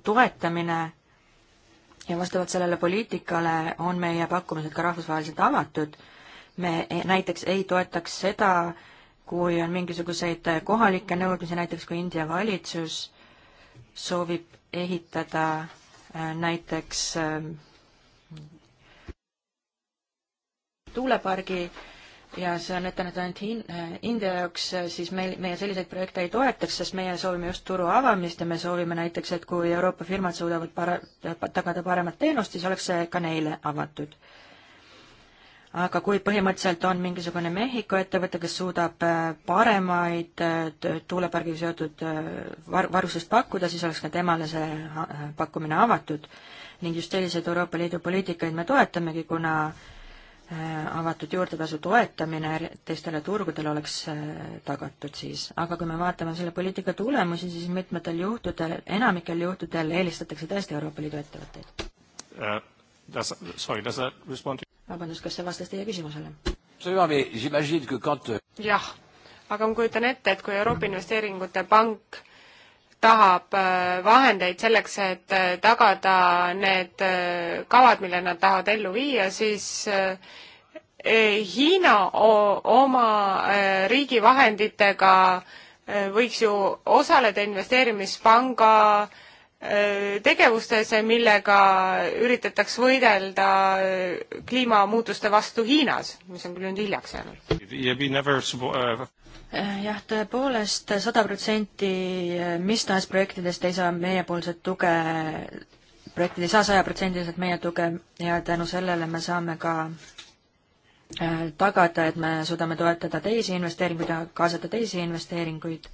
toetamine ja vastavalt sellele poliitikale on meie pakkumised ka rahvusvaheliselt avatud. me eh, näiteks ei toetaks seda äh, kui on mingisuguseid kohalikke nõudmisi, näiteks kui India valitsus soovib ehitada äh, näiteks äh, tuulepargi ja see on ette nähtud ainult hin-, äh, India jaoks, siis meil, meie selliseid projekte ei toetaks, sest meie soovime just turu avamist ja me soovime näiteks, et kui Euroopa firmad suudavad para-, tagada paremat teenust, siis oleks see ka neile avatud aga kui põhimõtteliselt on mingisugune Mehhiko ettevõte, kes suudab äh, paremaid äh, tuulepargiga seotud äh, var-, varustust pakkuda, siis oleks ka temale see pakkumine avatud. ning just selliseid Euroopa Liidu poliitikaid me toetamegi, kuna avatud juurdepääsu toetamine teistele turgudele oleks tagatud siis. aga kui me vaatame selle poliitika tulemusi, siis mitmetel juhtudel, enamikel juhtudel eelistatakse tõesti Euroopa Liidu ettevõtteid uh,. Sorry, does that respond to vabandust, kas see vastas teie küsimusele? Euh, jah, aga ma kujutan ette, et kui Euroopa Investeeringute Pank tahab äh, vahendeid selleks, et äh, tagada need äh, kavad, mille nad tahavad ellu viia, siis Hiina oma riigi vahenditega võiks ju osaleda investeerimispanga äh, Äh, tegevustes, millega üritatakse võidelda äh, kliimamuutuste vastu Hiinas, mis on küll nüüd hiljaks jäänud. Äh, jah, tõepoolest sada protsenti mis tahes projektidest ei saa meiepoolset tuge, projektid ei saa sajaprotsendiliselt meie tuge ja tänu sellele me saame ka tagada, et me suudame toetada teisi investeeringuid ja kaasata teisi investeeringuid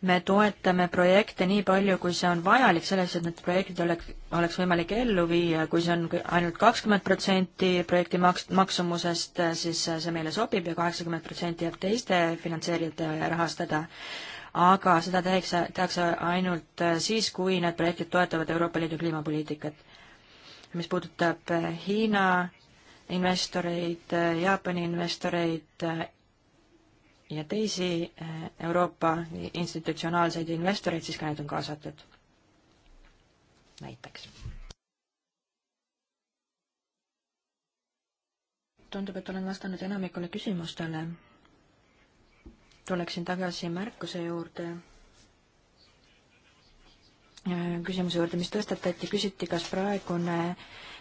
me toetame projekte nii palju, kui see on vajalik selleks, et need projektid oleks, oleks võimalik ellu viia, kui see on ainult kakskümmend protsenti projekti maks-, maksumusest, siis see meile sobib ja kaheksakümmend protsenti jääb teiste finantseerijate rahastada. aga seda tehakse, tehakse ainult siis, kui need projektid toetavad Euroopa Liidu kliimapoliitikat. mis puudutab Hiina investoreid, Jaapani investoreid, ja teisi eh, Euroopa institutsionaalseid investoreid, siis ka need on kaasatud. näiteks. tundub, et olen vastanud enamikule küsimustele. tuleksin tagasi märkuse juurde äh, küsimuse juurde, mis tõstatati, küsiti, kas praegune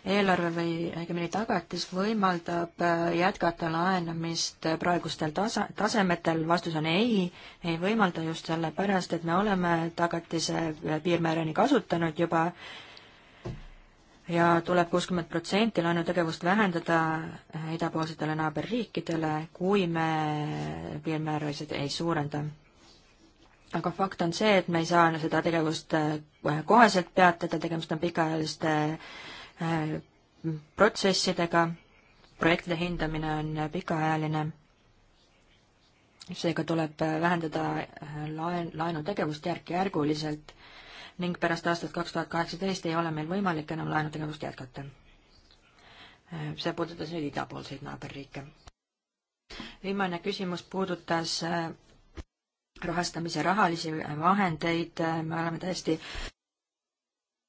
eelarve või õigemini tagatis võimaldab äh, jätkata laenamist praegustel tasa, tasemetel, vastus on ei, ei võimalda just sellepärast, et me oleme tagatise äh, piirmäärani kasutanud juba ja tuleb kuuskümmend protsenti laenutegevust vähendada äh, idapoolsetele naaberriikidele, kui me piirmäärasid ei suurenda. aga fakt on see, et me ei saa seda tegevust koheselt peatada, tegemist on pikaajaliste Äh, protsessidega, projektide hindamine on pikaajaline, seega tuleb vähendada äh, laen, laenutegevust järk-järguliselt ning pärast aastat kaks tuhat kaheksateist ei ole meil võimalik enam laenutegevust jätkata. Äh, see puudutas nüüd idapoolseid naaberriike. viimane küsimus puudutas rahastamise rahalisi vahendeid, me oleme täiesti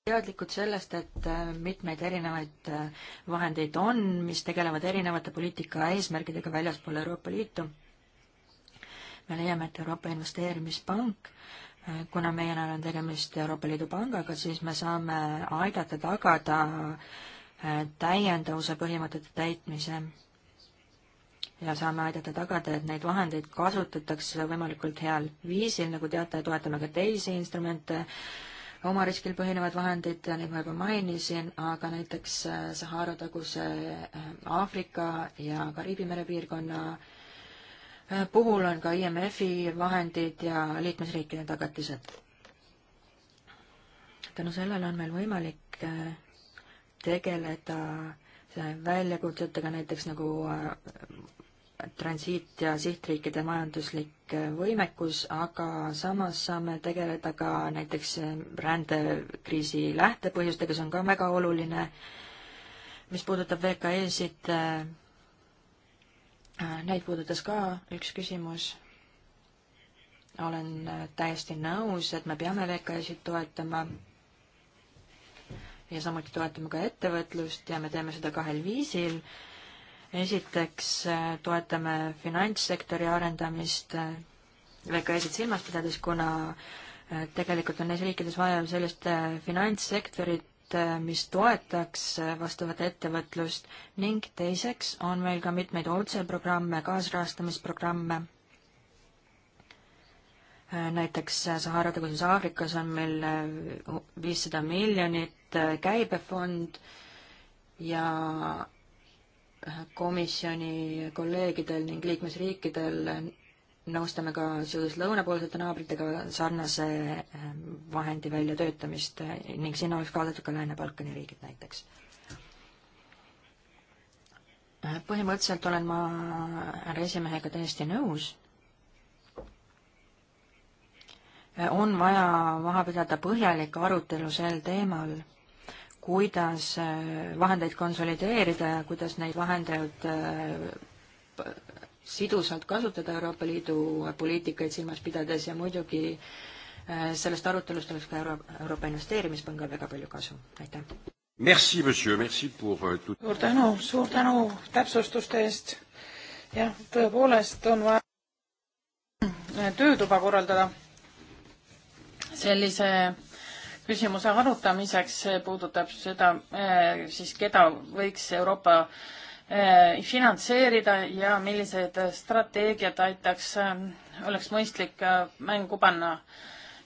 teadlikud sellest, et äh, mitmeid erinevaid äh, vahendeid on, mis tegelevad erinevate poliitika eesmärgidega väljaspool Euroopa Liitu. me leiame, et Euroopa Investeerimispank, äh, kuna meie näol on tegemist Euroopa Liidu pangaga, siis me saame aidata tagada täiendavuse põhimõtete täitmise ja saame aidata tagada, et neid vahendeid kasutatakse võimalikult heal viisil, nagu teate, toetame ka teisi instrumente äh,, omariskil põhinevad vahendid, neid nagu ma juba mainisin, aga näiteks äh, Sahara taguse äh, Aafrika ja Kariibi mere piirkonna äh, puhul on ka IMF-i vahendid ja liikmesriikide tagatised. tänu sellele on meil võimalik tegeleda väljakutsetega näiteks nagu transiit- ja sihtriikide majanduslik äh, võimekus, aga samas saame tegeleda ka näiteks äh, rändekriisi lähtepõhjustega, see on ka väga oluline. mis puudutab VKE-sid, äh, neid puudutas ka üks küsimus. olen täiesti nõus, et me peame VKE-sid toetama ja samuti toetame ka ettevõtlust ja me teeme seda kahel viisil esiteks äh, toetame finantssektori arendamist äh, VKS-id silmas pidades, kuna äh, tegelikult on neis riikides vaja sellist finantssektorit, mis toetaks vastavat ettevõtlust ning teiseks on meil ka mitmeid otseprogramme, kaasrahastamisprogramme. näiteks Sahara taguses Aafrikas on meil viissada miljonit käibefond ja komisjoni kolleegidel ning liikmesriikidel nõustame ka seoses lõunapoolsete naabritega sarnase eh, vahendi väljatöötamist ning sinna oleks kaasatud ka Lääne-Balkani riigid näiteks. põhimõtteliselt olen ma härra esimehega täiesti nõus. on vaja maha pidada põhjalik arutelu sel teemal kuidas äh, vahendeid konsolideerida ja kuidas neid vahendeid äh, sidusalt kasutada Euroopa Liidu poliitikaid silmas pidades ja muidugi äh, sellest arutelust oleks ka Euro Euroopa Investeerimispangal väga palju kasu, aitäh! Merci, monsieur, merci pour euh, tout... suur tänu, suur tänu täpsustuste eest. jah, tõepoolest on vaja töötuba korraldada sellise küsimuse arutamiseks, see puudutab seda eh, siis, keda võiks Euroopa eh, finantseerida ja millised strateegiad aitaks, eh, oleks mõistlik mängu panna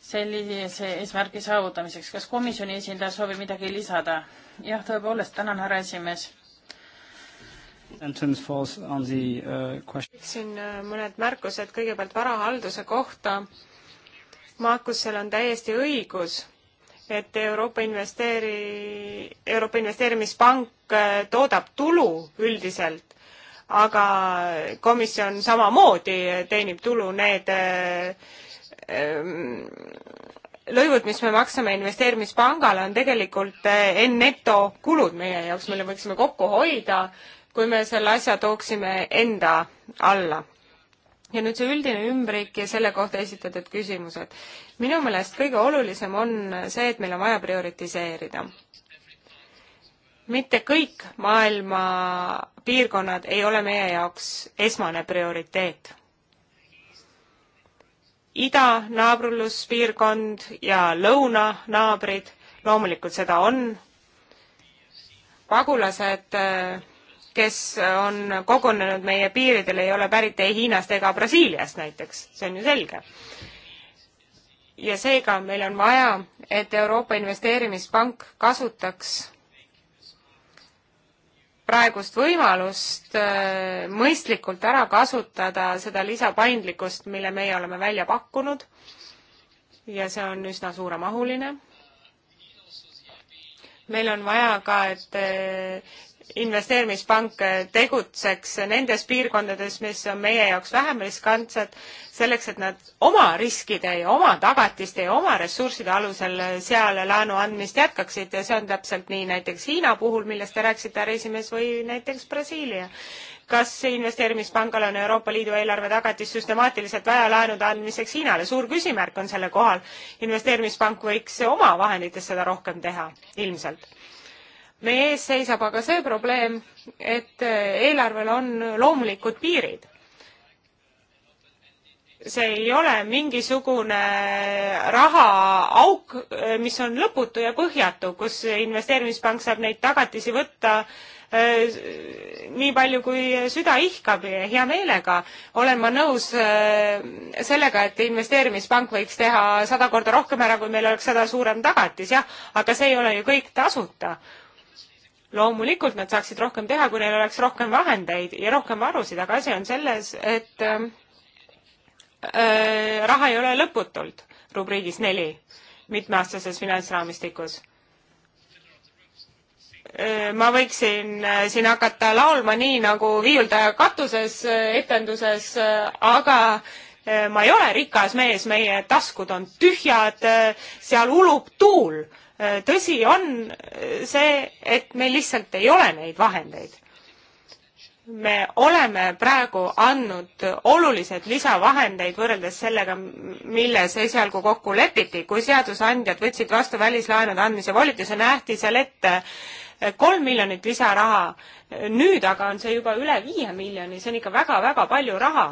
sellise eesmärgi saavutamiseks. kas komisjoni esindaja soovib midagi lisada? jah, tõepoolest, tänan, härra esimees. siin mõned märkused kõigepealt varahalduse kohta. Markusel on täiesti õigus et Euroopa investeeri, Euroopa Investeerimispank äh, toodab tulu üldiselt, aga komisjon samamoodi teenib tulu, need äh, ähm, lõivud, mis me maksame investeerimispangale, on tegelikult äh, netokulud meie jaoks, mille võiksime kokku hoida, kui me selle asja tooksime enda alla ja nüüd see üldine ümbrik ja selle kohta esitatud küsimused. minu meelest kõige olulisem on see, et meil on vaja prioritiseerida. mitte kõik maailma piirkonnad ei ole meie jaoks esmane prioriteet. ida naabruluspiirkond ja lõuna naabrid, loomulikult seda on, pagulased äh, kes on kogunenud meie piiridel, ei ole pärit ei Hiinast ega Brasiiliast näiteks, see on ju selge. ja seega meil on vaja, et Euroopa Investeerimispank kasutaks praegust võimalust äh, mõistlikult ära kasutada seda lisapaindlikkust, mille meie oleme välja pakkunud ja see on üsna suuremahuline meil on vaja ka, et äh, investeerimispank tegutseks nendes piirkondades, mis on meie jaoks vähem riskantsed, selleks et nad oma riskide ja oma tagatiste ja oma ressursside alusel seal laenu andmist jätkaksid ja see on täpselt nii näiteks Hiina puhul, millest te rääkisite, härra esimees, või näiteks Brasiilia kas investeerimispangal on Euroopa Liidu eelarve tagatis süstemaatiliselt vaja laenude andmiseks Hiinale, suur küsimärk on selle kohal. investeerimispank võiks oma vahenditest seda rohkem teha, ilmselt meie ees seisab aga see probleem, et eelarvel on loomulikud piirid. see ei ole mingisugune rahaauk, mis on lõputu ja põhjatu, kus investeerimispank saab neid tagatisi võtta eh, nii palju, kui süda ihkab ja hea meelega olen ma nõus eh, sellega, et investeerimispank võiks teha sada korda rohkem ära, kui meil oleks sada suurem tagatis, jah, aga see ei ole ju kõik tasuta loomulikult nad saaksid rohkem teha, kui neil oleks rohkem vahendeid ja rohkem varusid, aga asi on selles, et ähm, äh, raha ei ole lõputult rubriigis neli mitmeaastases finantsraamistikus äh, ma võiksin äh, siin hakata laulma nii nagu viiuldaja katuses äh, etenduses, aga ma ei ole rikas mees, meie taskud on tühjad, seal ulub tuul Äh, tõsi on äh, see, et meil lihtsalt ei ole neid vahendeid. me oleme praegu andnud olulised lisavahendeid võrreldes sellega, milles esialgu kokku lepiti, kui seadusandjad võtsid vastu välislaenude andmise volituse, nähti seal ette äh, kolm miljonit lisaraha, nüüd aga on see juba üle viie miljoni, see on ikka väga-väga palju raha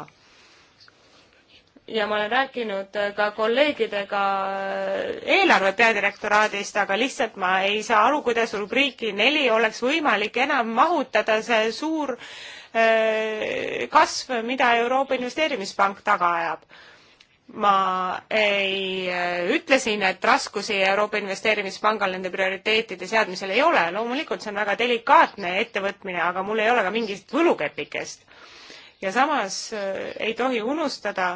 ja ma olen rääkinud äh, ka kolleegidega äh, eelarve peadirektoraadist, aga lihtsalt ma ei saa aru, kuidas rubriiki neli oleks võimalik enam mahutada see suur äh, kasv, mida Euroopa Investeerimispank taga ajab. ma ei ütle siin, et raskusi Euroopa Investeerimispangal nende prioriteetide seadmisel ei ole, loomulikult see on väga delikaatne ettevõtmine, aga mul ei ole ka mingit võlukepikest ja samas ei tohi unustada,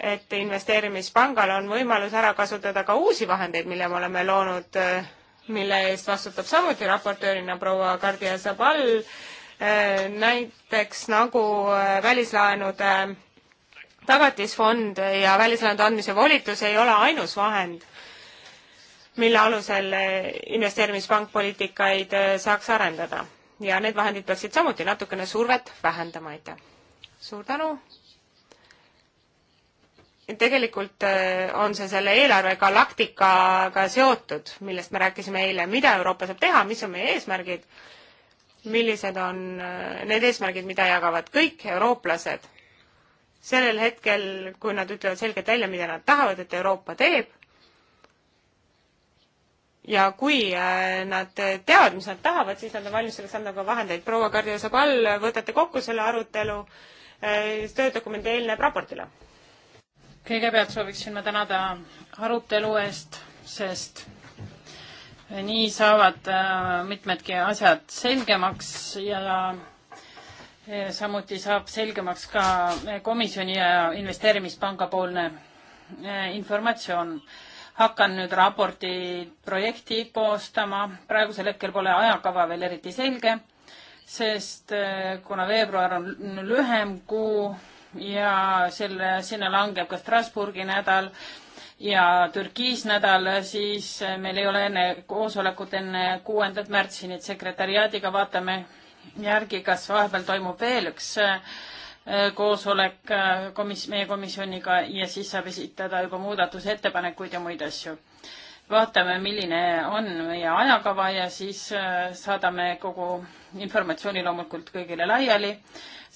et investeerimispangal on võimalus ära kasutada ka uusi vahendeid, mille me oleme loonud, äh, mille eest vastutab samuti raportöörina proua Kardia Sabal, äh, näiteks nagu äh, välislaenude tagatisfond ja välislaenude andmise volitus ei ole ainus vahend, mille alusel investeerimispank poliitikaid saaks arendada. ja need vahendid peaksid samuti natukene survet vähendama, aitäh! suur tänu! tegelikult äh, on see selle eelarve galaktikaga seotud, millest me rääkisime eile, mida Euroopa saab teha, mis on meie eesmärgid, millised on äh, need eesmärgid, mida jagavad kõik eurooplased. sellel hetkel, kui nad ütlevad selgelt välja, mida nad tahavad, et Euroopa teeb, ja kui äh, nad teavad, mis nad tahavad, siis nad on valmis selleks andma ka vahendeid. proua Kardio Sabal, võtate kokku selle arutelu, töödokumendi eelneb raportile kõigepealt sooviksin ma tänada arutelu eest, sest nii saavad äh, mitmedki asjad selgemaks ja äh, samuti saab selgemaks ka äh, komisjoni ja investeerimispanga poolne informatsioon. hakkan nüüd raporti projekti koostama, praegusel hetkel pole ajakava veel eriti selge, sest kuna veebruar on lühem kuu, ja selle, sinna langeb ka Strasbourgi nädal ja Türgis nädal, siis meil ei ole enne koosolekut enne kuuendat märtsini, et sekretäriaadiga vaatame järgi, kas vahepeal toimub veel üks äh, koosolek äh, komis-, meie komisjoniga ja siis saab esitada juba muudatusettepanekuid ja muid asju. vaatame, milline on meie ajakava ja siis äh, saadame kogu informatsiooni loomulikult kõigile laiali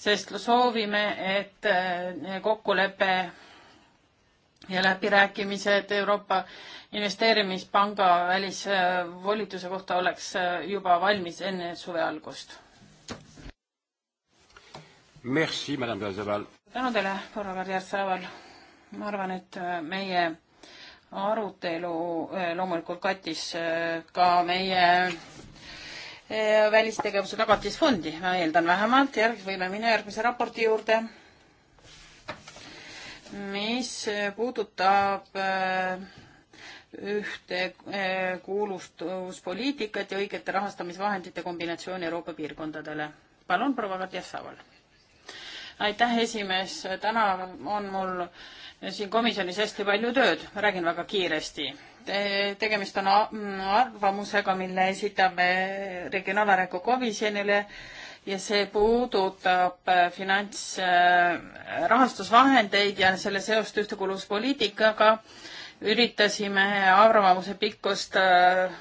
sest soovime, et eh, kokkulepe ja läbirääkimised Euroopa Investeerimispanga välisvolituse kohta oleks eh, juba valmis enne suve algust. Merci, madame Gardiazabal. tänu teile, proua Gardiazabal. ma arvan, et eh, meie arutelu loomulikult kattis ka meie Eh, välistegevuse tagatisfondi, ma eeldan vähemalt, järg-, võime minna järgmise raporti juurde, mis eh, puudutab eh, ühtekuuluvuspoliitikat ja õigete rahastamisvahendite kombinatsiooni Euroopa piirkondadele. palun, proua Katja Saval. aitäh, esimees, täna on mul siin komisjonis hästi palju tööd, ma räägin väga kiiresti tegemist on arvamusega, mille esitame Regionaalarengu Komisjonile ja see puudutab äh, finantsrahastusvahendeid äh, ja selle seost ühtekuuluvuspoliitikaga. üritasime arvamuse pikkust äh,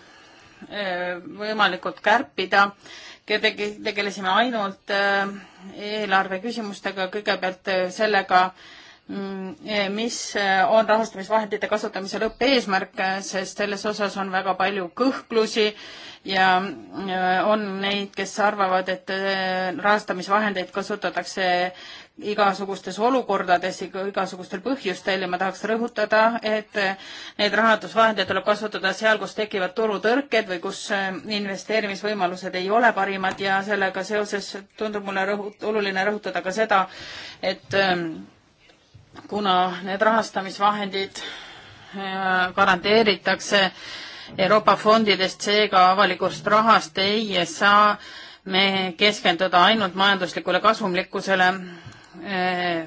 võimalikult kärpida tegelesime ainult eelarve küsimustega, kõigepealt sellega, Mm, eh, mis eh, on rahastamisvahendite kasutamise lõppeesmärk, eh, sest selles osas on väga palju kõhklusi ja on neid, kes arvavad, et rahastamisvahendeid kasutatakse igasugustes olukordades, igasugustel põhjustel ja ma tahaks rõhutada, et neid rahandusvahendeid tuleb kasutada seal, kus tekivad turutõrked või kus investeerimisvõimalused ei ole parimad ja sellega seoses tundub mulle rõhut-, oluline rõhutada ka seda, et kuna need rahastamisvahendid äh, garanteeritakse Euroopa fondidest, seega avalikust rahast ei saa me keskenduda ainult majanduslikule kasumlikkusele äh,,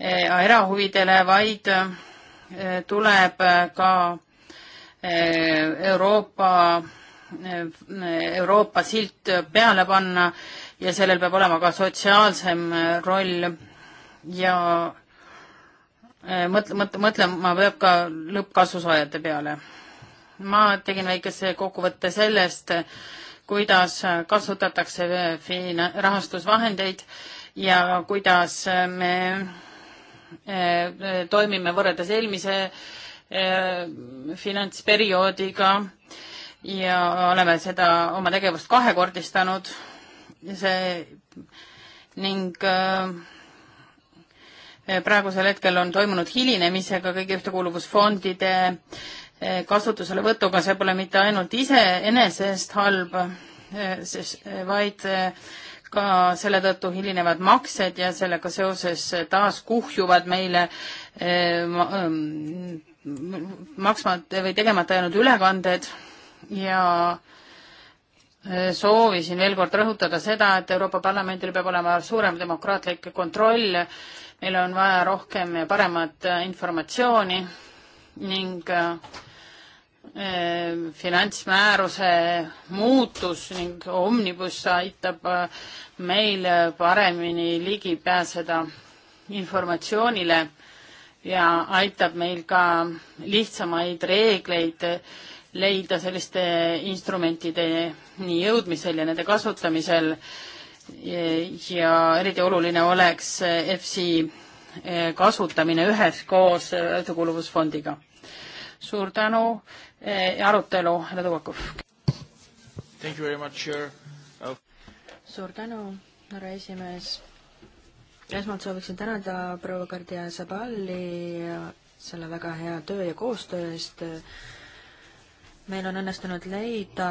äh, erahuvidele, vaid äh, tuleb äh, ka äh, Euroopa, Euroopa silt peale panna ja sellel peab olema ka sotsiaalsem roll ja Äh, mõtle, mõtle, mõtlema peab ka lõppkasusaajate peale. ma tegin väikese kokkuvõtte sellest, kuidas kasutatakse fina-, rahastusvahendeid ja kuidas me äh, toimime võrreldes eelmise äh, finantsperioodiga ja oleme seda oma tegevust kahekordistanud. see ning äh, Eh, praegusel hetkel on toimunud hilinemisega kõigi ühtekuuluvusfondide eh, kasutuselevõtuga, see pole mitte ainult iseenesest halb, eh, vaid ka selle tõttu hilinevad maksed ja sellega seoses taas kuhjuvad meile mm, maksmata või tegemata jäänud ülekanded ja soovisin veel kord rõhutada seda, et Euroopa Parlamendil peab olema suurem demokraatlik kontroll meil on vaja rohkem ja paremat äh, informatsiooni ning äh, äh, finantsmääruse muutus ning Omnibus aitab meil paremini ligi pääseda informatsioonile ja aitab meil ka lihtsamaid reegleid leida selliste instrumentideni jõudmisel ja nende kasutamisel ja eriti oluline oleks EFSI eh, kasutamine üheskoos Ühtekuuluvusfondiga. suur tänu eh, ja arutelu, härra Tuvakov. Uh, suur tänu, härra esimees. esmalt sooviksin tänada proua Gardia Zaballi eh, selle väga hea töö ja koostöö eest meil on õnnestunud leida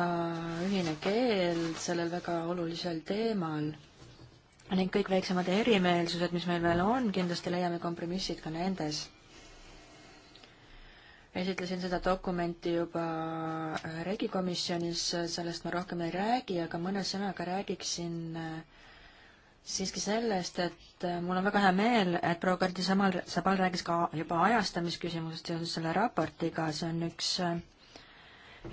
ühine keel sellel väga olulisel teemal ning kõik väiksemad erimeelsused, mis meil veel on, kindlasti leiame kompromissid ka nendes. esitlesin seda dokumenti juba regikomisjonis, sellest ma rohkem ei räägi, aga mõne sõnaga räägiksin äh, siiski sellest, et äh, mul on väga hea meel, et proua Kerti Samal, Sabal rääkis ka juba ajastamisküsimusest seoses selle raportiga, see on üks äh,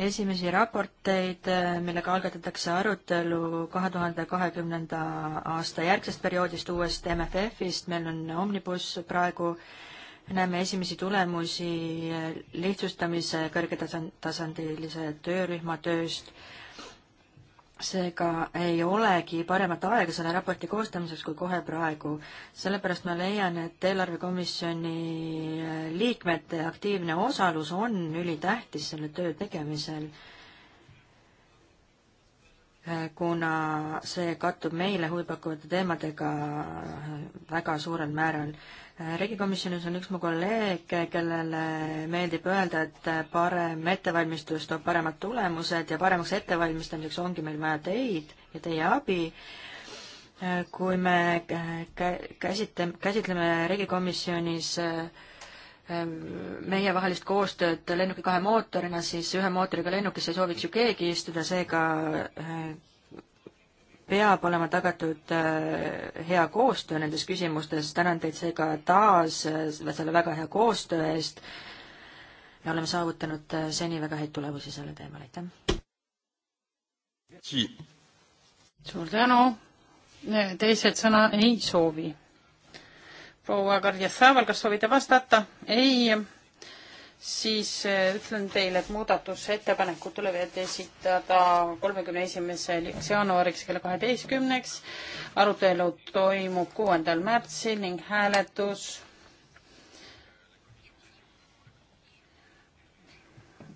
esimesi raporteid, äh, millega algatatakse arutelu kahe tuhande kahekümnenda aasta järgsest perioodist, uuest MFF-ist, meil on Omnibus praegu, näeme esimesi tulemusi lihtsustamise kõrgetasandilise töörühma tööst seega ei olegi paremat aega selle raporti koostamiseks kui kohe praegu. sellepärast ma leian, et eelarvekomisjoni liikmete aktiivne osalus on ülitähtis selle töö tegemisel Äh, kuna see kattub meile huvipakkuvate teemadega äh, väga suurel määral. Äh, riigikomisjonis on üks mu kolleeg, kellele meeldib öelda, et parem ettevalmistus toob paremad tulemused ja paremaks ettevalmistamiseks ongi meil vaja teid ja teie abi. kui me käsitle-, käsitleme riigikomisjonis äh, Ehm, meievahelist koostööd lennuki kahe mootorina, siis ühe mootoriga lennukis ei sooviks ju keegi istuda, seega ehm, peab olema tagatud ehm, hea koostöö nendes küsimustes, tänan teid seega taas selle väga hea koostöö eest ja oleme saavutanud seni väga häid tulemusi sellel teemal, aitäh! suur tänu, teised sõna ei soovi proua Karjassaaval, kas soovite vastata? ei, siis eh, ütlen teile, et muudatusettepanekud tuleb esitada kolmekümne esimesel jaanuariks kella kaheteistkümneks. arutelu toimub kuuendal märtsil ning hääletus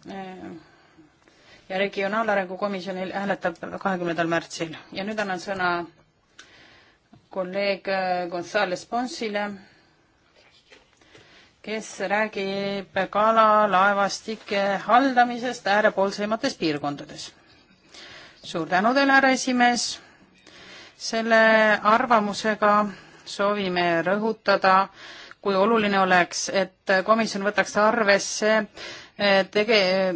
eh, ja Regionaalarengu Komisjonil hääletab kahekümnendal märtsil ja nüüd annan sõna kolleeg Gonzales Ponsile, kes räägib kalalaevastike haldamisest äärepoolsemates piirkondades. suur tänu teile, härra esimees. selle arvamusega soovime rõhutada, kui oluline oleks, et komisjon võtaks arvesse tege-,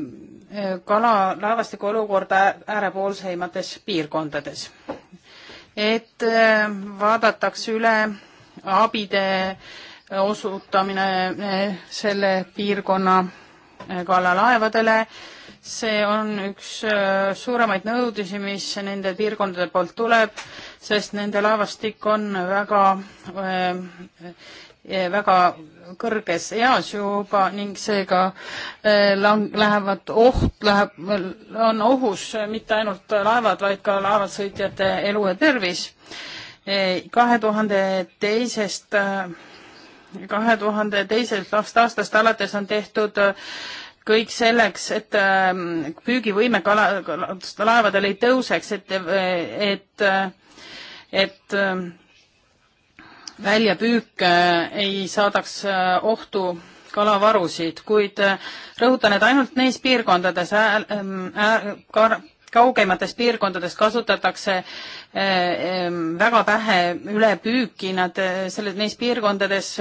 kalalaevastiku olukorda äärepoolseimates piirkondades et äh, vaadatakse üle abide osutamine äh, selle piirkonna äh, kallalaevadele. see on üks suuremaid nõudlisi, mis nende piirkondade poolt tuleb, sest nende laevastik on väga väga kõrges eas juba ning seega eh, lang-, lähevad oht, läheb, on ohus eh, mitte ainult laevad, vaid ka laevasõitjate elu ja tervis. Eh, kahe tuhande teisest, kahe tuhande teisest aastast alates on tehtud kõik selleks, et püügivõime kala, laevadel ei tõuseks, et, et, et väljapüük äh, ei saadaks äh, ohtu kalavarusid, kuid äh, rõhutan, et ainult neis piirkondades ää, ähm, ää, kar, kaugemates piirkondades kasutatakse ähm, väga vähe ülepüüki, nad selle, neis piirkondades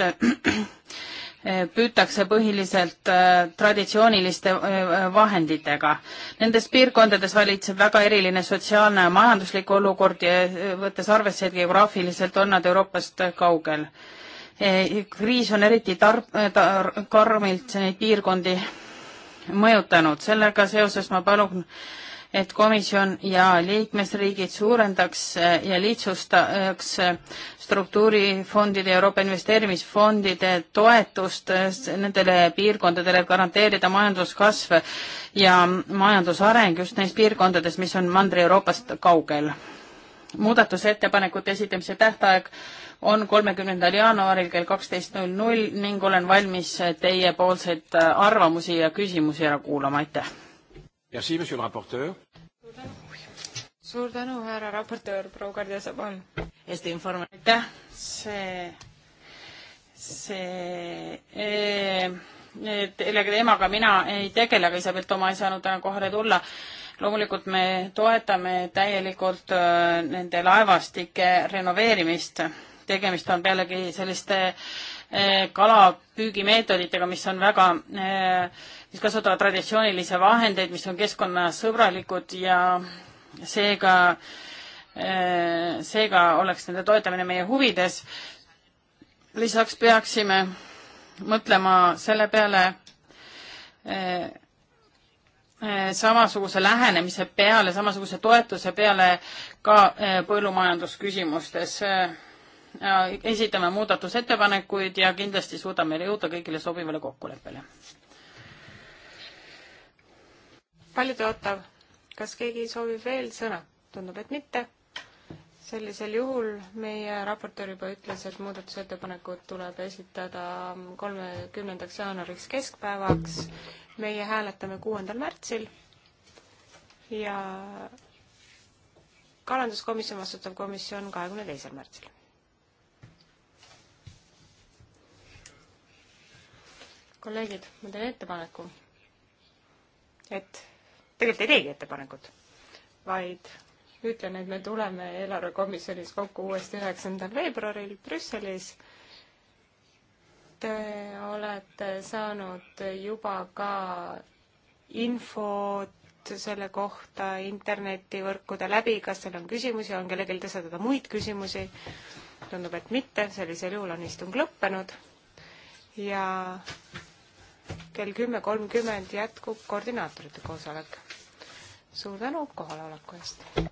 Eh, püütakse põhiliselt eh, traditsiooniliste eh, vahenditega. Nendes piirkondades valitseb väga eriline sotsiaalne ja majanduslik olukord ja võttes arvesse, et geograafiliselt on nad Euroopast kaugel. kriis on eriti tar-, tar-, karmilt neid piirkondi mõjutanud, sellega seoses ma palun et komisjon ja liikmesriigid suurendaks äh, ja lihtsustaks äh, struktuurifondide ja Euroopa investeerimisfondide toetust äh, nendele piirkondadele, et garanteerida majanduskasv ja majandusareng just neis piirkondades, mis on Mandri-Euroopast kaugel. muudatusettepanekute esitamise tähtaeg on kolmekümnendal jaanuaril kell kaksteist null null ning olen valmis teiepoolseid arvamusi ja küsimusi ära kuulama, aitäh! Merci, monsieur le rapporteur. suur tänu, härra raportöör, proua Kardia Sabal. Eesti Inform-. aitäh, see, see e, eh, sellega teemaga mina ei tegele, aga Isabel Toma ei saanud täna kohale tulla. loomulikult me toetame täielikult eh, nende laevastike renoveerimist. tegemist on pealegi selliste äh, Eh, kalapüügimeetoditega, mis on väga, eh, mis kasutavad traditsioonilisi vahendeid, mis on keskkonnasõbralikud ja seega, eh, seega oleks nende toetamine meie huvides. lisaks peaksime mõtlema selle peale, samasuguse lähenemise peale, samasuguse toetuse peale ka põllumajandusküsimustes esitame muudatusettepanekuid ja kindlasti suudame jõuda kõigile sobivale kokkuleppele. paljud ootab, kas keegi soovib veel sõna? tundub, et mitte. sellisel juhul meie raportöör juba ütles, et muudatusettepanekud tuleb esitada kolmekümnendaks jaanuariks keskpäevaks. meie hääletame kuuendal märtsil ja kalanduskomisjon, vastutav komisjon kahekümne teisel märtsil kolleegid, ma teen ettepaneku, et tegelikult ei teegi ettepanekut, vaid ütlen, et me tuleme eelarvekomisjonis kokku uuesti üheksandal veebruaril Brüsselis. Te olete saanud juba ka infot selle kohta internetivõrkude läbi, kas teil on küsimusi, on kellelgi tõstatada muid küsimusi? tundub, et mitte, sellisel juhul on istung lõppenud ja kell kümme kolmkümmend jätkub koordinaatorite koosolek. suur tänu kohaloleku eest!